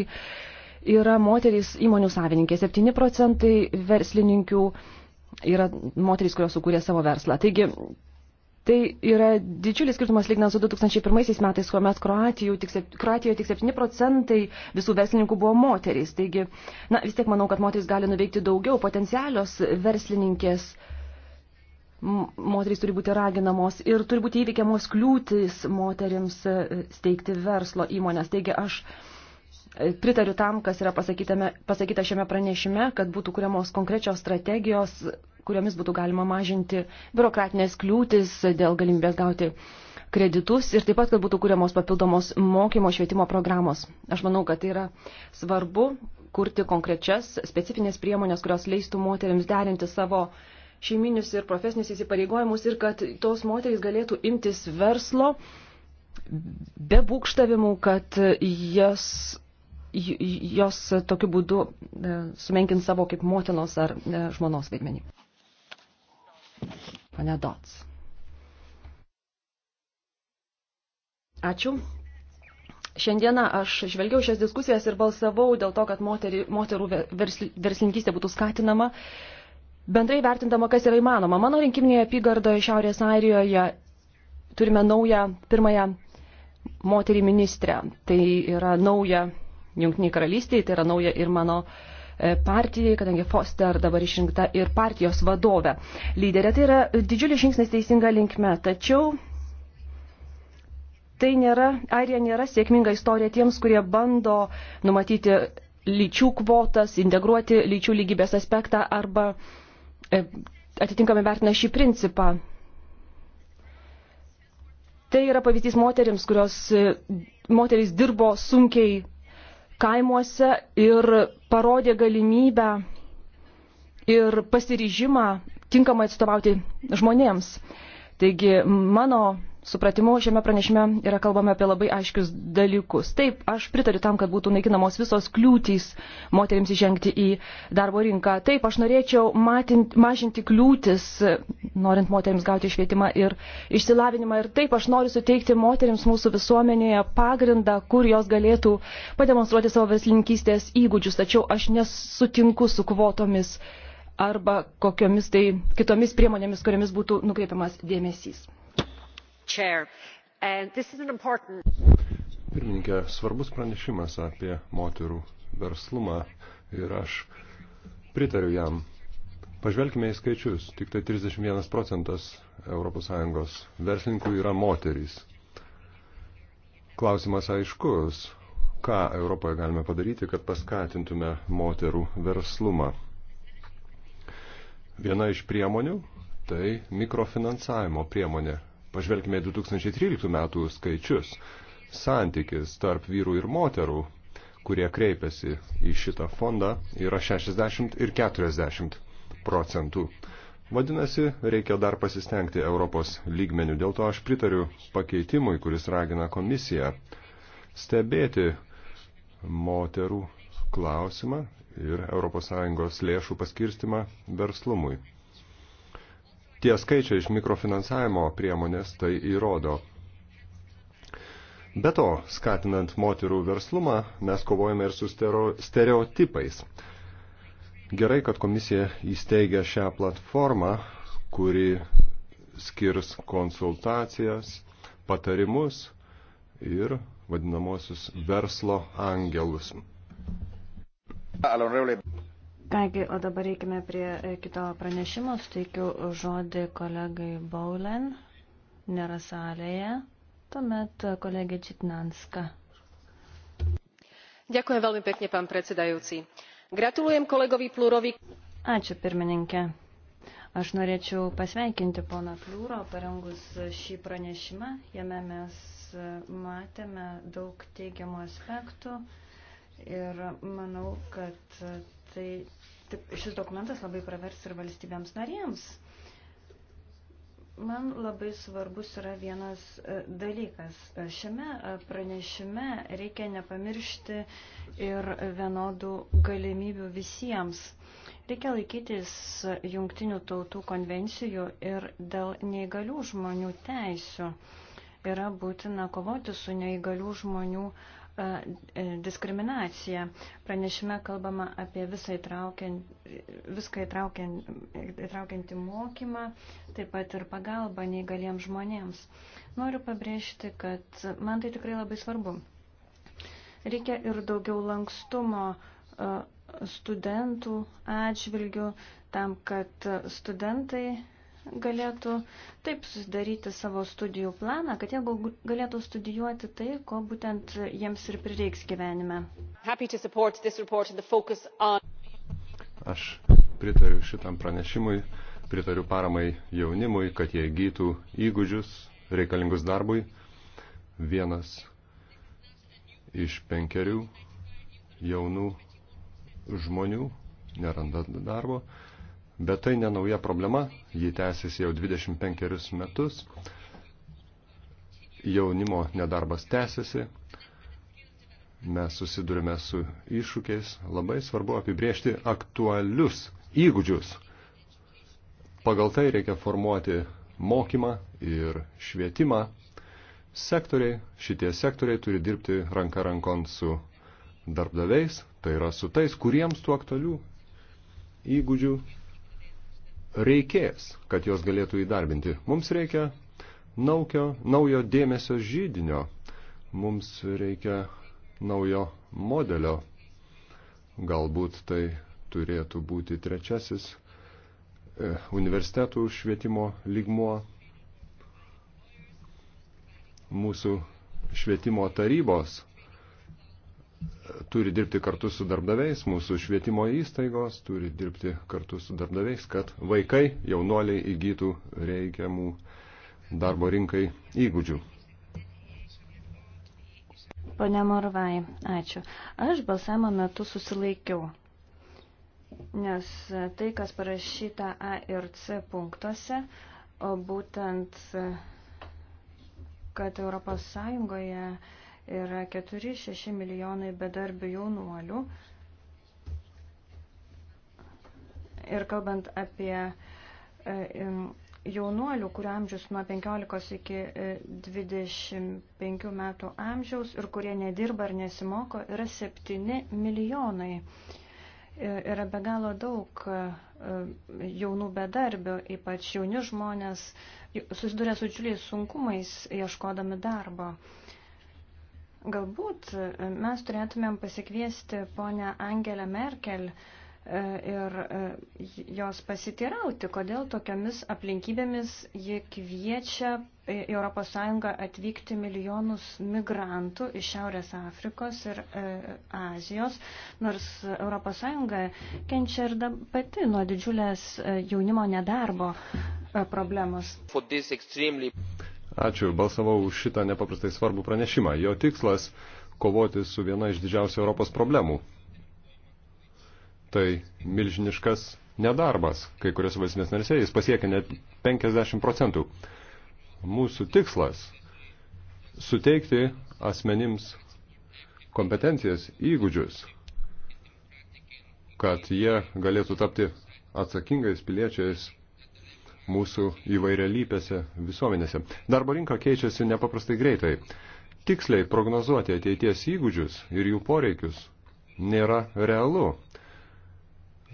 yra moterys įmonių savininkė, 7 procentai verslininkių yra moterys, kurios sukūrė savo verslą. Taigi, Tai yra didžiulis skirtumas lyginant su 2001 metais, kuomet Kroatijoje tik, Kroatijoje tik 7 procentai visų verslininkų buvo moterys. Taigi, na, vis tiek manau, kad moteris gali nuveikti daugiau. Potencialios verslininkės uh, moterys turi būti raginamos ir turi būti įveikiamos kliūtis moterims e, steigti verslo įmonės. Taigi aš e, pritariu tam, kas yra pasakyta šiame pranešime, kad būtų kuriamos konkrečios strategijos, kuriomis būtų galima mažinti biurokratinės kliūtis dėl galimybės gauti kreditus ir taip pat, kad būtų kuriamos papildomos mokymo švietimo programos. Aš manau, kad tai yra svarbu kurti konkrečias specifinės priemonės, kurios leistų moteriams derinti savo uh, šeiminius ir profesinius įsipareigojimus ir kad tos moterys galėtų imtis verslo be būkštavimų, kad jas, jos tokiu būdu e, sumenkint savo kaip motinos ar e, žmonos vaidmenį. Pane Dots. Ačiū. Šiandieną aš žvelgiau šias diskusijas ir balsavau dėl to, kad moteri, moterų versl, verslininkystė būtų skatinama. Uh, bendrai vertindama, kas yra įmanoma. Mano rinkiminėje apygardoje Šiaurės Airijoje turime naują pirmąją moterį ministrę. Tai yra nauja Junktiniai karalystiai, tai yra nauja ir mano e, partijai, kadangi Foster dabar išrinkta ir partijos vadovė. Lyderė tai yra didžiulis žingsnis teisinga linkme, tačiau tai nėra, Airija nėra sėkminga istorija tiems, kurie bando numatyti lyčių kvotas, integruoti lyčių lygybės aspektą arba uh, E, atitinkamai vertina šį principą. Tai yra pavyzdys moterims, kurios e, moteris dirbo sunkiai kaimuose ir parodė galimybę ir pasiryžimą tinkamai atstovauti žmonėms. Taigi mano supratimu šiame pranešime yra kalbama apie labai aiškius dalykus. Taip, aš pritariu tam, kad būtų naikinamos visos kliūtys moteriams įžengti į darbo rinką. Taip, aš norėčiau matint, mažinti kliūtis, norint moteriams gauti švietimą ir išsilavinimą. Ir taip, aš noriu suteikti moteriams mūsų visuomenėje pagrindą, kur jos galėtų pademonstruoti savo verslininkystės įgūdžius. Tačiau aš nesutinku su kvotomis arba kokiomis tai kitomis priemonėmis, kuriamis būtų nukreipiamas dėmesys. Pirmininkė, svarbus pranešimas apie moterų verslumą ir aš pritariu jam. Pažvelkime į skaičius. Tik tai 31 procentas ES verslininkų yra moterys. Klausimas aiškus, ką Europoje galime padaryti, kad paskatintume moterų verslumą. Viena iš priemonių tai mikrofinansavimo priemonė Pažvelkime 2013 metų skaičius. Santykis tarp vyrų ir moterų, kurie kreipiasi į šitą fondą, yra 60 ir 40 procentų. Vadinasi, reikia dar pasistengti Europos lygmenių. Dėl to aš pritariu pakeitimui, kuris ragina komisiją stebėti moterų klausimą ir ES lėšų paskirstimą verslumui. Tie skaičiai iš mikrofinansavimo priemonės tai įrodo. Be to, skatinant moterų verslumą, mes kovojame ir su stereotipais. Gerai, kad komisija įsteigia šią platformą, kuri skirs konsultacijas, patarimus ir vadinamosius verslo angelus. Kągi, o dabar reikime prie e, kito pranešimo. Suteikiu žodį kolegai Baulen. Nėra salėje. Tuomet e, kolegė Čitnanska. Ďakujem veľmi pekne, pán predsedajúci. Gratulujem kolegovi Plúrovi. Ačiū, pirmininkė. Aš norėčiau pasveikinti poną Pliūro parengus šį pranešimą. Jame mes e, matėme daug teigiamų aspektų. Ir manau, kad e, tai, taip, šis dokumentas labai pravers ir valstybėms narėms. Man labai svarbus yra vienas e, dalykas. E, šiame pranešime reikia nepamiršti ir vienodų galimybių visiems. Reikia laikytis jungtinių tautų konvencijų ir dėl neįgalių žmonių teisių. Yra būtina kovoti su neįgalių žmonių uh, E, diskriminacija. Pranešime kalbama apie visą įtraukiant, viską įtraukiant, įtraukiantį mokymą, taip pat ir pagalbą neįgaliems žmonėms. Noriu pabrėžti, kad man tai tikrai labai svarbu. Reikia ir daugiau lankstumo studentų atžvilgių tam, kad studentai galėtų taip susidaryti savo studijų planą, kad jie galėtų studijuoti tai, ko būtent jiems ir prireiks gyvenime. Aš pritariu šitam pranešimui, pritariu paramai jaunimui, kad jie gytų įgūdžius reikalingus darbui. Vienas iš penkerių jaunų žmonių neranda darbo. Bet tai nenauja problema, ji tęsiasi jau 25 metus, jaunimo nedarbas tęsiasi, mes susidurime su iššūkiais, labai svarbu apibriežti aktualius įgūdžius. Pagal tai reikia formuoti mokymą ir švietimą. Sektoriai, šitie sektoriai turi dirbti ranka rankon su darbdaviais, tai yra su tais, kuriems tų aktualių įgūdžių reikės, kad jos galėtų įdarbinti. Mums reikia naukio, naujo dėmesio žydinio, mums reikia naujo modelio. Galbūt tai turėtų būti trečiasis e, universitetų švietimo lygmuo. Mūsų švietimo tarybos turi dirbti kartu su darbdaviais, mūsų švietimo įstaigos turi dirbti kartu su darbdaviais, kad vaikai, jaunuoliai įgytų reikiamų darbo rinkai įgūdžių. Pane Morvai, ačiū. Aš balsavimo metu susilaikiau, nes tai, kas parašyta A ir C punktuose, o būtent, kad Europos Sąjungoje yra 4-6 milijonai bedarbių jaunuolių. Ir kalbant apie e, jaunuolių, kurių amžius nuo 15 iki 25 e, metų amžiaus ir kurie nedirba ar nesimoko, yra 7 milijonai. E, yra be galo daug jaunų bedarbių, ypač jauni žmonės susiduria su čiuliais sunkumais ieškodami darbo. Galbūt e, mes turėtumėm pasikviesti ponę Angelę Merkel e, ir e, jos pasitirauti, kodėl tokiamis aplinkybėmis ji kviečia į ES atvykti milijonus migrantų iš Šiaurės Afrikos ir Azijos, nors ES kenčia ir pati nuo didžiulės jaunimo nedarbo problemos. Ačiū, balsavau už šitą nepaprastai svarbų pranešimą. Jo tikslas – kovoti su viena iš didžiausių Europos problemų. Tai milžiniškas nedarbas, kai kurios valstybės narėse jis pasiekia net 50 procentų. Mūsų tikslas – suteikti asmenims kompetencijas, įgūdžius, kad jie galėtų tapti atsakingais piliečiais mūsų įvairialypėse visuomenėse. Darbo rinka keičiasi nepaprastai greitai. Tiksliai prognozuoti ateities įgūdžius ir jų poreikius nėra realu.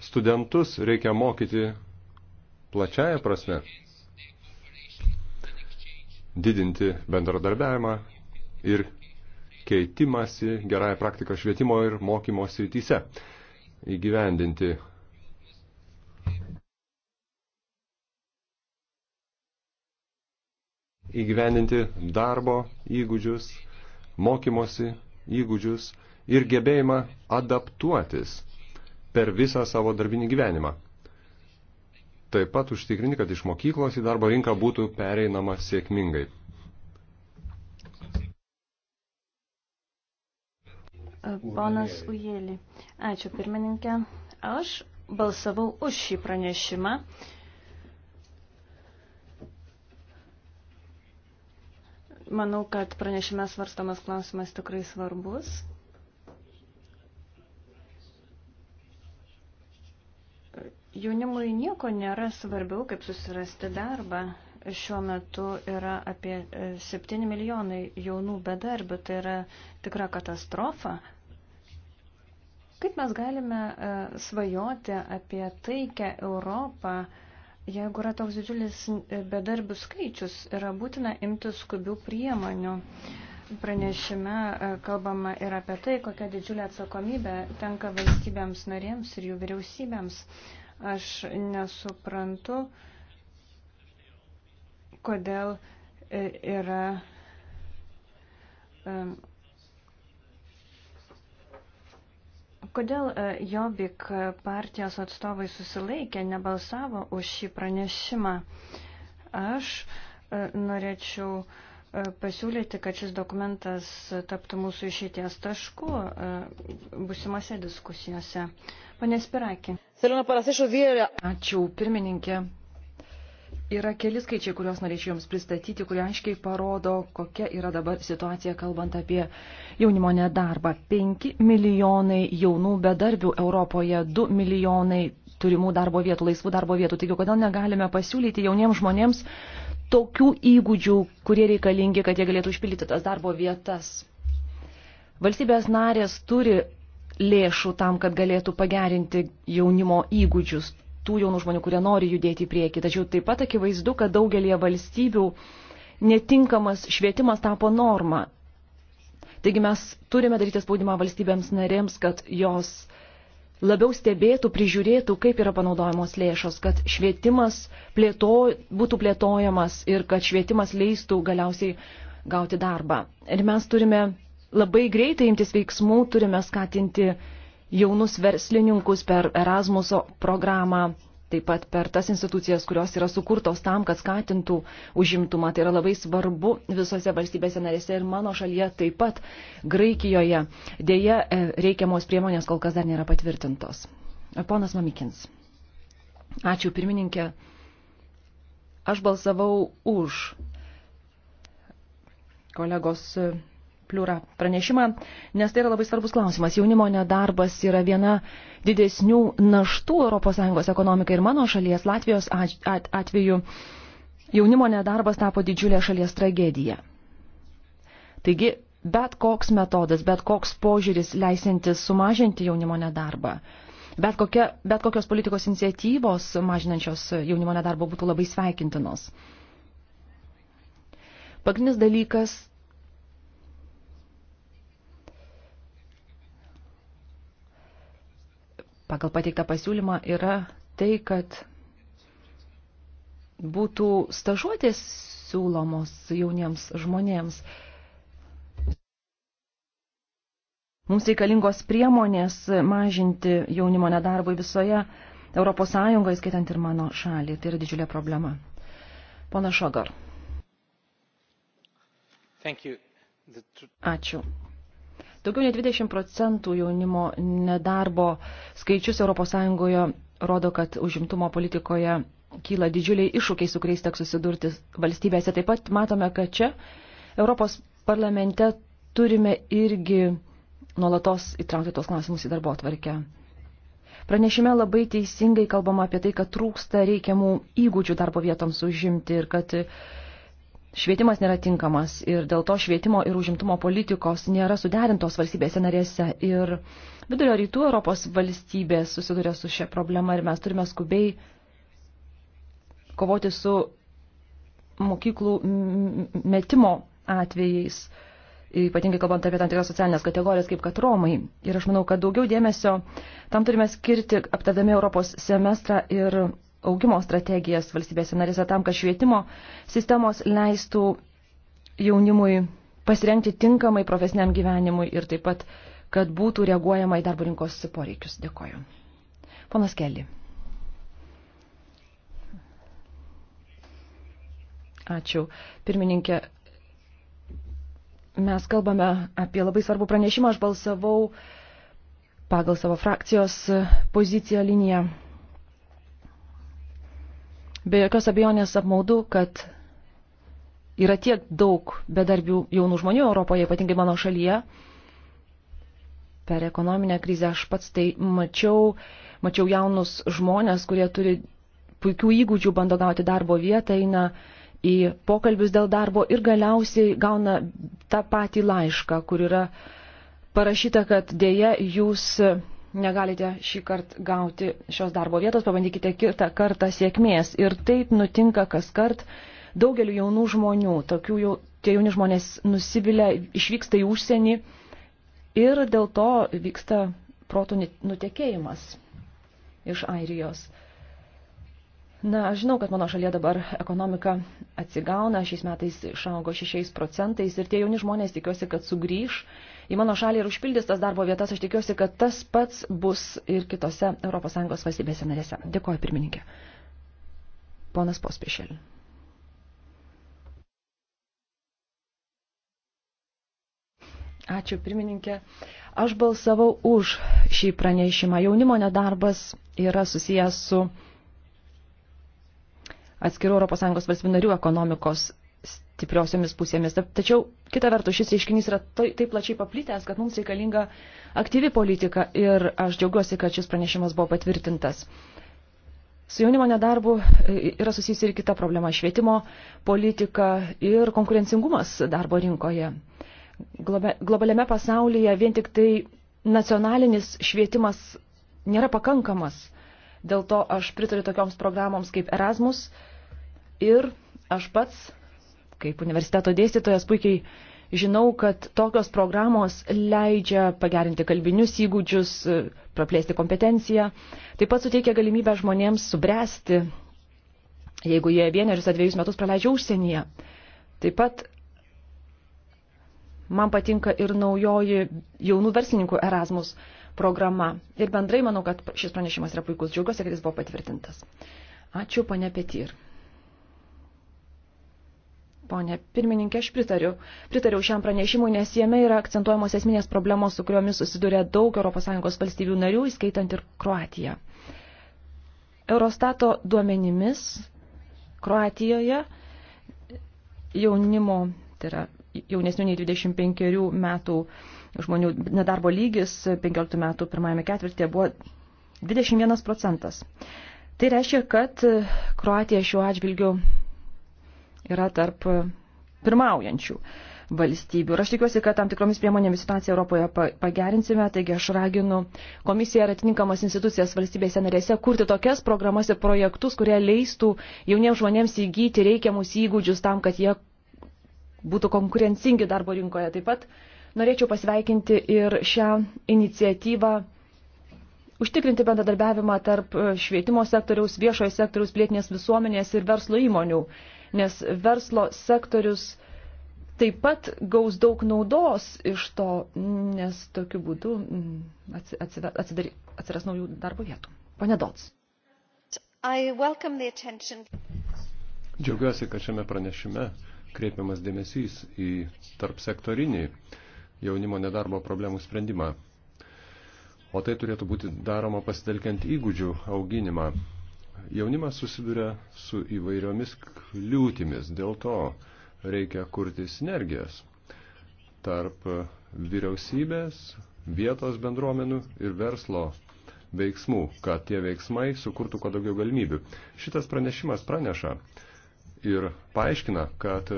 Studentus reikia mokyti plačiaja prasme, didinti bendradarbiavimą ir keitimąsi gerąją praktiką švietimo ir mokymo srityse, įgyvendinti įgyvendinti darbo įgūdžius, mokymosi įgūdžius ir gebėjimą adaptuotis per visą savo darbinį gyvenimą. Taip pat užtikrinti, kad iš mokyklos į darbo rinką būtų pereinama sėkmingai. Ponas Ujėlį. Ačiū pirmininkė. Aš balsavau už šį pranešimą Manau, kad pranešime svarstamas klausimas tikrai svarbus. Jaunimui nieko nėra svarbiau, kaip susirasti darbą. Šiuo metu yra apie 7 e, milijonai jaunų bedarbių. Tai yra tikra katastrofa. Kaip mes galime e, svajoti apie taikę Europą? Jeigu yra toks didžiulis e, bedarbių skaičius, yra būtina imti skubių priemonių. Pranešime e, kalbama ir apie tai, kokia didžiulė atsakomybė tenka valstybėms narėms ir jų vyriausybėms. Aš nesuprantu, kodėl e, yra Kodėl e, Jobik partijos atstovai susilaikė, nebalsavo už šį pranešimą? Aš e, norėčiau e, pasiūlyti, kad šis dokumentas taptų mūsų išeities tašku busimose diskusijose. Pane Spirakė. Ačiū, pirmininkė. Yra keli skaičiai, kuriuos norėčiau Jums pristatyti, kurie aiškiai parodo, kokia yra dabar situacija, kalbant apie jaunimo nedarbą. 5 milijonai jaunų bedarbių Europoje, 2 milijonai turimų darbo vietų, laisvų darbo vietų. Taigi, kodėl negalime pasiūlyti jauniems žmonėms tokių įgūdžių, kurie reikalingi, kad jie galėtų užpildyti tas darbo vietas? Valstybės narės turi lėšų tam, kad galėtų pagerinti jaunimo įgūdžius tų jaunų žmonių, kurie nori judėti į priekį. Tačiau taip pat akivaizdu, kad daugelie valstybių netinkamas švietimas tapo norma. Taigi mes turime daryti spaudimą valstybėms narėms, kad jos labiau stebėtų, prižiūrėtų, kaip yra panaudojamos lėšos, kad švietimas plėto, būtų plėtojamas ir kad švietimas leistų galiausiai gauti darbą. Ir mes turime labai greitai imtis veiksmų, turime skatinti jaunus verslininkus per Erasmuso programą, taip pat per tas institucijas, kurios yra sukurtos tam, kad skatintų užimtumą. Tai yra labai svarbu visose valstybėse narėse ir mano šalyje taip pat Graikijoje. Deja, e, reikiamos priemonės kol kas dar nėra patvirtintos. Ponas Mamikins. Ačiū, pirmininkė. Aš balsavau už kolegos Pliūrą pranešimą, nes tai yra labai svarbus klausimas. Jaunimo nedarbas yra viena didesnių naštų ES ekonomikai ir mano šalies Latvijos atveju jaunimo nedarbas tapo didžiulė šalies tragedija. Taigi, bet koks metodas, bet koks požiūris leisintis sumažinti jaunimo nedarbą, bet, kokia, bet kokios politikos iniciatyvos mažinančios jaunimo nedarbą būtų labai sveikintinos. Pagrindinis dalykas pagal pateiktą pasiūlymą yra tai, kad būtų stažuotės siūlomos jauniems žmonėms. Mums reikalingos priemonės mažinti jaunimo nedarbui visoje Europos Sąjungoje, skaitant ir mano šalį. Tai yra didžiulė problema. Pana Šogar. Ačiū. Daugiau nei 20 procentų jaunimo nedarbo skaičius ES rodo, kad užimtumo politikoje kyla didžiuliai iššūkiai, su kuriais teks susidurti valstybėse. Taip pat matome, kad čia Europos parlamente turime irgi nuolatos įtraukti tos klausimus į darbo atvarkę. Pranešime labai teisingai kalbama apie tai, kad trūksta reikiamų įgūdžių darbo vietoms užimti ir kad švietimas nėra tinkamas ir dėl to švietimo ir užimtumo politikos nėra suderintos valstybėse narėse. Ir vidurio rytų Europos valstybės susiduria su šia problema ir mes turime skubiai kovoti su mokyklų metimo atvejais, ypatingai kalbant apie tam tikras socialinės kategorijas, kaip kad Romai. Ir aš manau, kad daugiau dėmesio tam turime skirti aptardami Europos semestrą ir augimo strategijas valstybėse narėse tam, kad švietimo sistemos leistų jaunimui pasirengti tinkamai profesiniam gyvenimui ir taip pat, kad būtų reaguojama į darbo rinkos poreikius. Dėkoju. Ponas Kelly. Ačiū. Pirmininkė, mes kalbame apie labai svarbų pranešimą. Aš balsavau pagal savo frakcijos poziciją liniją. Be jokios abejonės apmaudu, kad yra tiek daug bedarbių jaunų žmonių Europoje, ypatingai mano šalyje. Per ekonominę krizę aš pats tai mačiau, mačiau jaunus žmonės, kurie turi puikių įgūdžių, bando gauti darbo vietą, eina į pokalbius dėl darbo ir galiausiai gauna tą patį laišką, kur yra parašyta, kad dėja jūs negalite šį kartą gauti šios darbo vietos, pabandykite kitą kartą sėkmės. Ir taip nutinka kas kart daugeliu jaunų žmonių. Tokių jau tie jauni žmonės nusivilia, išvyksta į užsienį ir dėl to vyksta protų nutekėjimas iš Airijos. Na, aš žinau, kad mano šalyje dabar ekonomika atsigauna, šiais metais išaugo 6 procentais ir tie jauni žmonės tikiuosi, kad sugrįž į mano šalį ir užpildys tas darbo vietas, aš tikiuosi, kad tas pats bus ir kitose ES valstybėse narėse. Dėkoju, pirmininkė. Ponas Pospišėlė. Ačiū, pirmininkė. Aš balsavau už šį pranešimą. Jaunimo nedarbas yra susijęs su atskirų ES valstybių narių ekonomikos stipriosiomis pusėmis. Tačiau Kita vertus, šis reiškinys yra tai, taip plačiai paplitęs, kad mums reikalinga aktyvi politika ir aš džiaugiuosi, kad šis pranešimas buvo patvirtintas. Su jaunimo nedarbu e, yra susijusi ir kita problema - švietimo politika ir konkurencingumas darbo rinkoje. Globaliame pasaulyje vien tik tai nacionalinis švietimas nėra pakankamas. Dėl to aš pritariu tokioms programoms kaip Erasmus ir aš pats kaip universiteto dėstytojas puikiai žinau, kad tokios programos leidžia pagerinti kalbinius įgūdžius, praplėsti kompetenciją, taip pat suteikia galimybę žmonėms subręsti, jeigu jie vienerius ar dviejus metus praleidžia užsienyje. Taip pat man patinka ir naujoji jaunų verslininkų Erasmus programa. Ir bendrai manau, kad šis pranešimas yra puikus. Džiaugiuosi, kad jis buvo patvirtintas. Ačiū, ponia Petir. Pone pirmininkė, aš pritariu. Pritariau šiam pranešimui, nes jame yra akcentuojamos esminės problemos, su kuriomis susiduria daug ES valstybių narių, įskaitant ir Kroatiją. Eurostato duomenimis Kroatijoje jaunimo, tai yra jaunesnių nei 25 metų žmonių nedarbo lygis 15 metų pirmajame ketvirtėje buvo 21 procentas. Tai reiškia, kad Kroatija šiuo atžvilgiu yra tarp pirmaujančių valstybių. Ir aš tikiuosi, kad tam tikromis priemonėmis situaciją Europoje pagerinsime, taigi aš raginu komisiją ir atitinkamas institucijas valstybėse narėse kurti tokias programas ir projektus, kurie leistų jauniems žmonėms įgyti reikiamus įgūdžius tam, kad jie būtų konkurencingi darbo rinkoje. Taip pat norėčiau pasveikinti ir šią iniciatyvą užtikrinti bendradarbiavimą tarp švietimo sektoriaus, viešojo sektoriaus, plėtinės visuomenės ir verslo įmonių nes verslo sektorius taip pat gaus daug naudos iš to, nes tokiu būdu mm, atsidari, atsiras naujų darbo vietų. Pane Dots. Džiaugiuosi, kad šiame pranešime kreipiamas dėmesys į tarp sektorinį jaunimo nedarbo problemų sprendimą. O tai turėtų būti daroma pasitelkiant įgūdžių auginimą Jaunimas susiduria su įvairiomis kliūtimis, dėl to reikia kurti sinergijas tarp vyriausybės, vietos bendruomenų ir verslo veiksmų, kad tie veiksmai sukurtų kuo daugiau galimybių. Šitas pranešimas praneša ir paaiškina, kad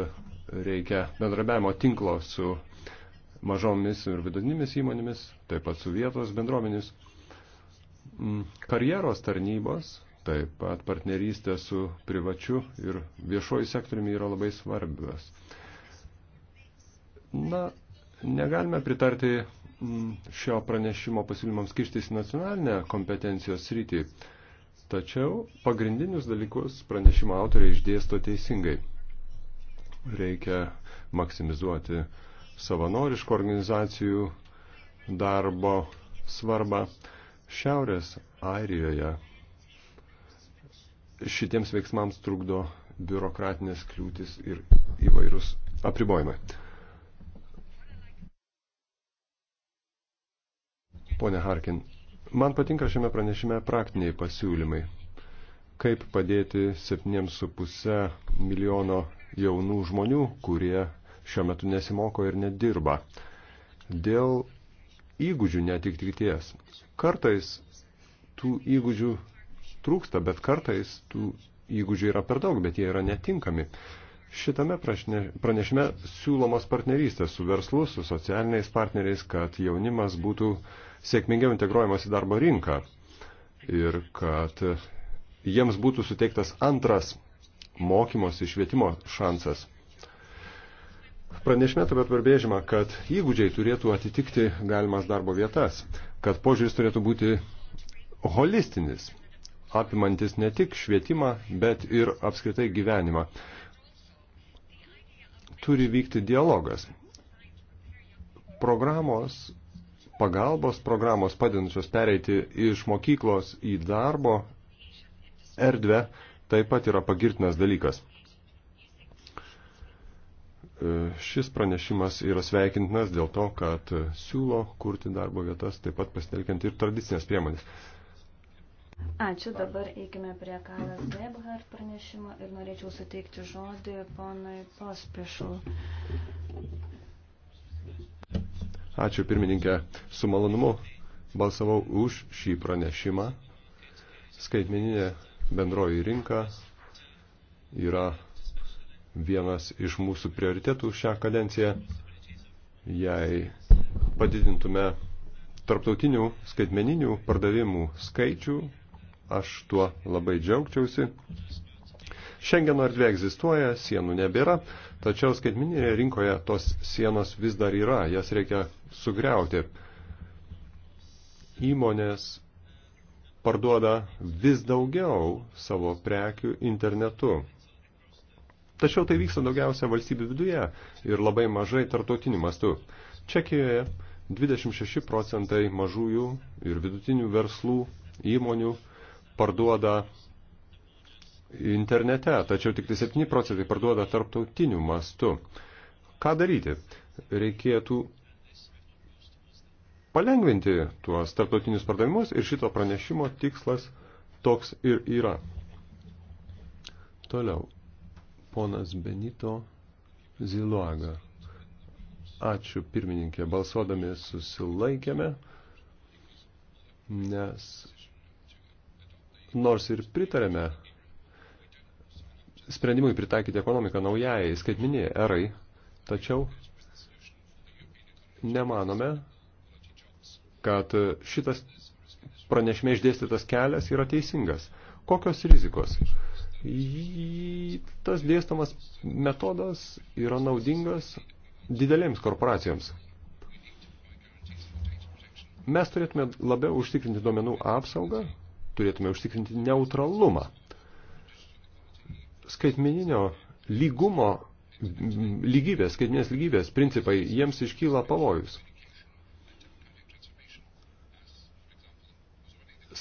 reikia bendrabiavimo tinklo su mažomis ir vidutinėmis įmonėmis, taip pat su vietos bendruomenės. Mm, karjeros tarnybos Taip pat partnerystė su privačiu ir viešoji sektoriumi yra labai svarbios. Na, negalime pritarti mm, šio pranešimo pasiūlymams kištis į nacionalinę kompetencijos rytį, tačiau pagrindinius dalykus pranešimo autoriai išdėsto teisingai. Reikia maksimizuoti savanoriškų organizacijų darbo svarbą. Šiaurės Airijoje šitiems veiksmams trukdo biurokratinės kliūtis ir įvairūs apribojimai. Pone Harkin, man patinka šiame pranešime praktiniai pasiūlymai, kaip padėti 7,5 milijono jaunų žmonių, kurie šiuo metu nesimoko ir nedirba, dėl įgūdžių netiktikties. Kartais tų įgūdžių trūksta, bet kartais tų įgūdžių yra per daug, bet jie yra netinkami. Šitame pranešime siūlomos partnerystės su verslu, su socialiniais partneriais, kad jaunimas būtų sėkmingiau integruojamas į darbo rinką ir kad jiems būtų suteiktas antras mokymosi švietimo šansas. Pranešime taip pat parbėžima, kad įgūdžiai turėtų atitikti galimas darbo vietas, kad požiūris turėtų būti holistinis, apimantis ne tik švietimą, bet ir apskritai gyvenimą. Turi vykti dialogas. Programos, pagalbos programos padedančios pereiti iš mokyklos į darbo erdvę taip pat yra pagirtinas dalykas. Šis pranešimas yra sveikintinas dėl to, kad siūlo kurti darbo vietas, taip pat pasitelkiant ir tradicinės priemonės. Ačiū, dabar eikime prie Karas Gebhardt pranešimo ir norėčiau suteikti žodį ponui Pospišul. Ačiū pirmininkė, su malonumu balsavau už šį pranešimą. Skaitmeninė bendroji rinka yra vienas iš mūsų prioritetų šią kadenciją. Jei padidintume tarptautinių skaitmeninių pardavimų skaičių, Aš tuo labai džiaugčiausi. Šengeno erdvė egzistuoja, sienų nebėra, tačiau skaitminėje rinkoje tos sienos vis dar yra, jas reikia sugriauti. Įmonės parduoda vis daugiau savo prekių internetu. Tačiau tai vyksta daugiausia valstybių viduje ir labai mažai tartautinių mastų. Čekijoje 26 procentai mažųjų ir vidutinių verslų įmonių parduoda internete, tačiau tik 7 tai procentai parduoda tarptautiniu mastu. Ką daryti? Reikėtų palengvinti tuos tarptautinius pardavimus ir šito pranešimo tikslas toks ir yra. Toliau. Ponas Benito Ziluaga. Ačiū pirmininkė. Balsuodami susilaikėme, nes nors ir pritarėme sprendimui pritaikyti ekonomiką naujai skaitminiai erai, tačiau nemanome, kad šitas pranešme išdėstytas kelias yra teisingas. Kokios rizikos? Tas dėstomas metodas yra naudingas didelėms korporacijoms. Mes turėtume labiau užtikrinti duomenų apsaugą turėtume užtikrinti neutralumą. Skaitmeninio lygumo, lygybės, skaitminės lygybės principai, jiems iškyla pavojus.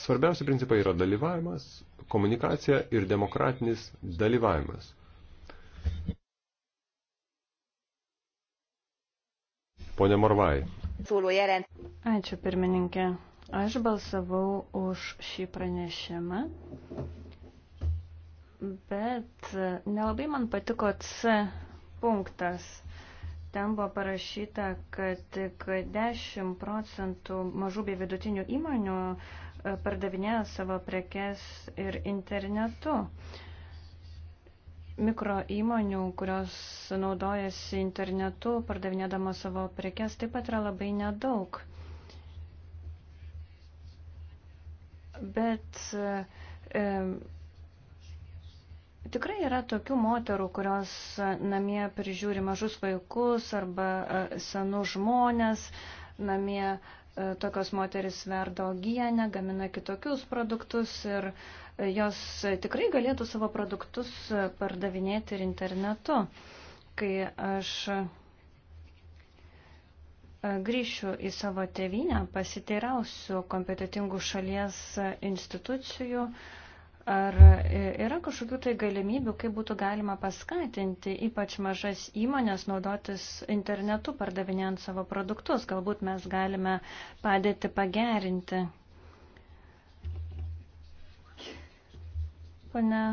Svarbiausi principai yra dalyvavimas, komunikacija ir demokratinis dalyvavimas. Pone Morvai. Ačiū pirmininkė. Aš balsavau už šį pranešimą, bet nelabai man patiko C punktas. Ten buvo parašyta, kad tik 10 procentų mažų bei vidutinių įmonių e, pardavinėja savo prekes ir internetu. Mikro įmonių, kurios naudojasi internetu, pardavinėdama savo prekes, taip pat yra labai nedaug. bet e, tikrai yra tokių moterų, kurios namie prižiūri mažus vaikus arba e, senus žmonės, namie e, tokios moteris verda ogienę, gamina kitokius produktus ir e, jos tikrai galėtų savo produktus e, pardavinėti ir internetu. Kai aš grįšiu į savo tevinę, pasiteirausiu kompetitingų šalies institucijų, ar yra kažkokių tai galimybių, kaip būtų galima paskatinti ypač mažas įmonės naudotis internetu pardavinėjant savo produktus. Galbūt mes galime padėti pagerinti. Pane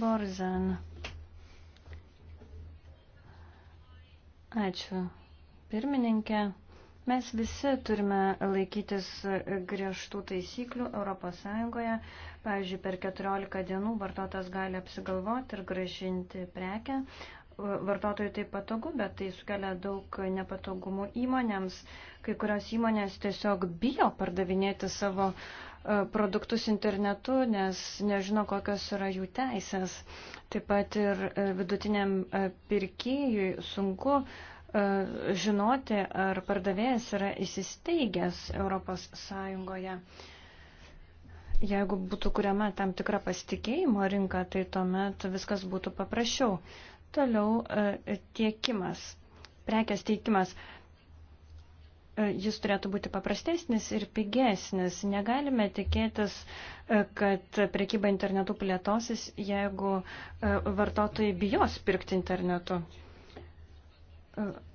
Borzan. Ačiū. Pirmininkė. Mes visi turime laikytis griežtų taisyklių ES. Pavyzdžiui, per 14 dienų vartotojas gali apsigalvoti ir gražinti prekę. Vartotojui tai patogu, bet tai sukelia daug nepatogumų įmonėms. Kai kurios įmonės tiesiog bijo pardavinėti savo e, produktus internetu, nes nežino, kokios yra jų teisės. Taip pat ir e, vidutiniam e, pirkėjui sunku E, žinoti, ar pardavėjas yra įsisteigęs Europos Sąjungoje. Jeigu būtų kuriama tam tikra pasitikėjimo rinka, tai tuomet viskas būtų paprasčiau. Toliau e, tiekimas, prekės teikimas e, jis turėtų būti paprastesnis ir pigesnis. Negalime tikėtis, kad prekyba internetu plėtosis, jeigu vartotojai bijos pirkti internetu.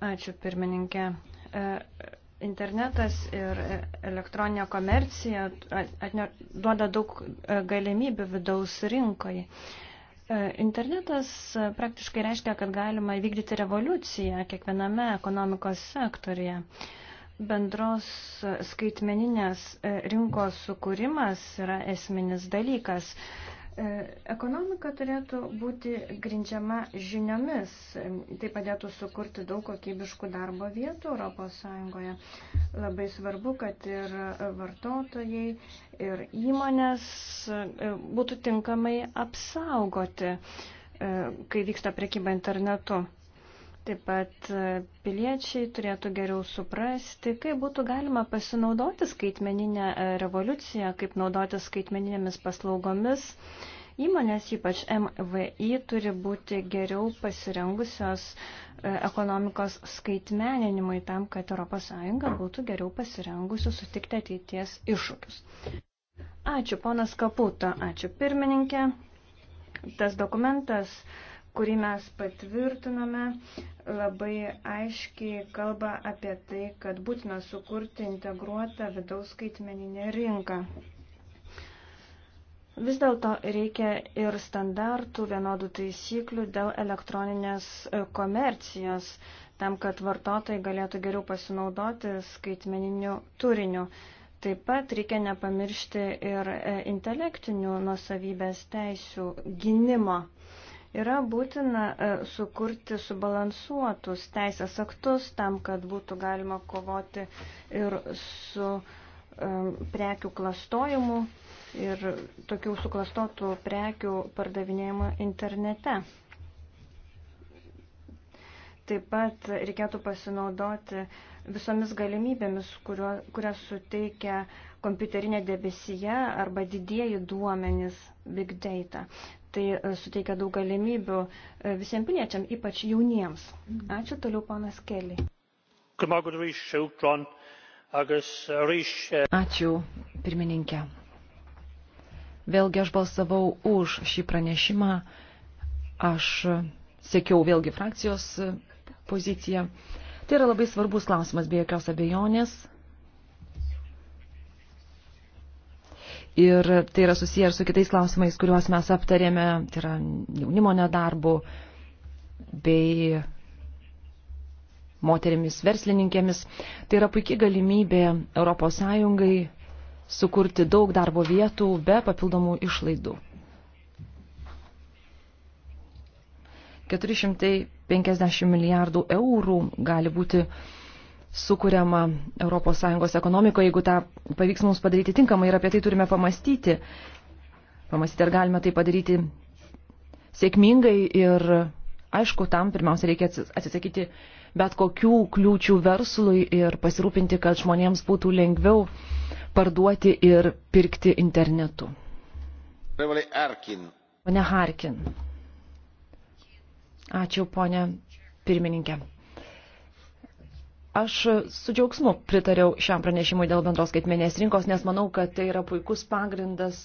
Ačiū pirmininkė. E, internetas ir elektroninė komercija duoda daug e, galimybių vidaus rinkoje. Internetas praktiškai reiškia, kad galima įvykdyti revoliuciją kiekviename ekonomikos sektorija. Bendros skaitmeninės e, rinkos sukūrimas yra esminis dalykas. E, ekonomika turėtų būti grindžiama žiniomis. Tai padėtų sukurti daug kokybiškų darbo vietų ES. Labai svarbu, kad ir vartotojai, ir įmonės e, būtų tinkamai apsaugoti, e, kai vyksta prekyba internetu. Taip pat e, piliečiai turėtų geriau suprasti, kaip būtų galima pasinaudoti skaitmeninę e, revoliuciją, kaip naudoti skaitmeninėmis paslaugomis. Įmonės, ypač MVI, turi būti geriau pasirengusios e, ekonomikos skaitmeninimui tam, kad ES būtų geriau pasirengusi sutikti ateities iššūkius. Ačiū, ponas Kaputo, ačiū pirmininkė. Tas dokumentas kurį mes patvirtiname, labai aiškiai kalba apie tai, kad būtina sukurti integruotą vidaus skaitmeninę rinką. Vis dėlto reikia ir standartų, vienodų taisyklių dėl elektroninės e, komercijos, tam, kad vartotojai galėtų geriau pasinaudoti skaitmeniniu turiniu. Taip pat reikia nepamiršti ir e, intelektinių nusavybės teisių gynimo. Yra būtina e, sukurti subalansuotus teisės aktus tam, kad būtų galima kovoti ir su e, prekių klastojimu ir tokių suklastotų prekių pardavinėjimą internete. Taip pat reikėtų pasinaudoti visomis galimybėmis, kurio, kurias suteikia kompiuterinė debesyje arba didieji duomenys Big Data tai e, suteikia daug galimybių e, visiems piliečiam, ypač jauniems. Ačiū toliau, ponas Kelly. Ačiū, pirmininkė. Vėlgi aš balsavau už šį pranešimą. Aš sėkiau vėlgi frakcijos e, poziciją. Tai yra labai svarbus klausimas, be jokios abejonės. Ir tai yra susiję ir su kitais klausimais, kuriuos mes aptarėme, tai yra jaunimo nedarbu bei moterimis verslininkėmis. Tai yra puikia galimybė ES sukurti daug darbo vietų be papildomų išlaidų. 450 milijardų eurų gali būti sukūriama ES ekonomikoje, jeigu tą pavyks mums padaryti tinkamai ir apie tai turime pamastyti. Pamastyti, ar galime tai padaryti sėkmingai ir, aišku, tam pirmiausia reikia atsisakyti bet kokių kliūčių verslui ir pasirūpinti, kad žmonėms būtų lengviau parduoti ir pirkti internetu. Pone Harkin. Ačiū, ponė pirmininkė. Aš su džiaugsmu pritariau šiam pranešimui dėl bendros skaitmenės rinkos, nes manau, kad tai yra puikus pagrindas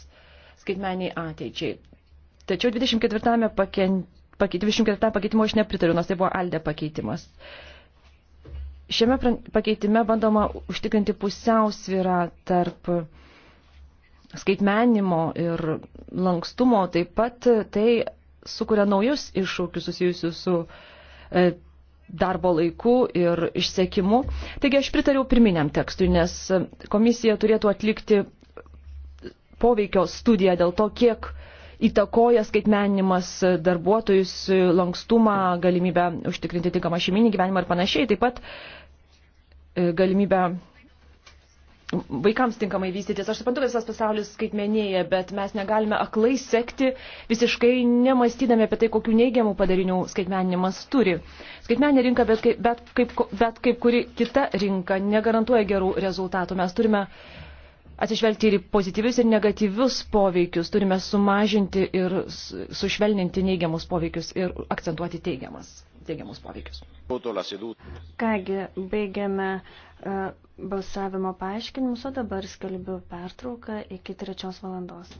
skaitmeniai ateičiai. Tačiau 24 pakeitimo pake, aš nepritariu, nors tai buvo Alde pakeitimas. Šiame pakeitime bandoma užtikrinti pusiausvyrą tarp skaitmenimo ir lankstumo, taip pat tai sukuria naujus iššūkius susijusius su e, darbo laiku ir išsekimu. Taigi aš pritariau pirminiam tekstui, nes komisija turėtų atlikti poveikio studiją dėl to, kiek įtakoja skaitmeninimas darbuotojus, lankstumą, galimybę užtikrinti tinkamą šeiminį gyvenimą ir panašiai, taip pat e, galimybę vaikams tinkamai vystytis. Aš suprantu, kad visas pasaulis skaitmenėja, bet mes negalime aklai sekti visiškai nemastydami apie tai, kokių neigiamų padarinių skaitmeninimas turi. Skaitmeninė rinka, bet kaip, bet, kaip, bet kaip kuri kita rinka, negarantuoja gerų rezultatų. Mes turime atsižvelgti ir pozityvius ir negatyvius poveikius, turime sumažinti ir sušvelninti neigiamus poveikius ir akcentuoti teigiamas, teigiamus poveikius. Kągi, baigiame. Uh balsavimo paaiškinimus, o dabar skelbiu pertrauką iki trečios valandos.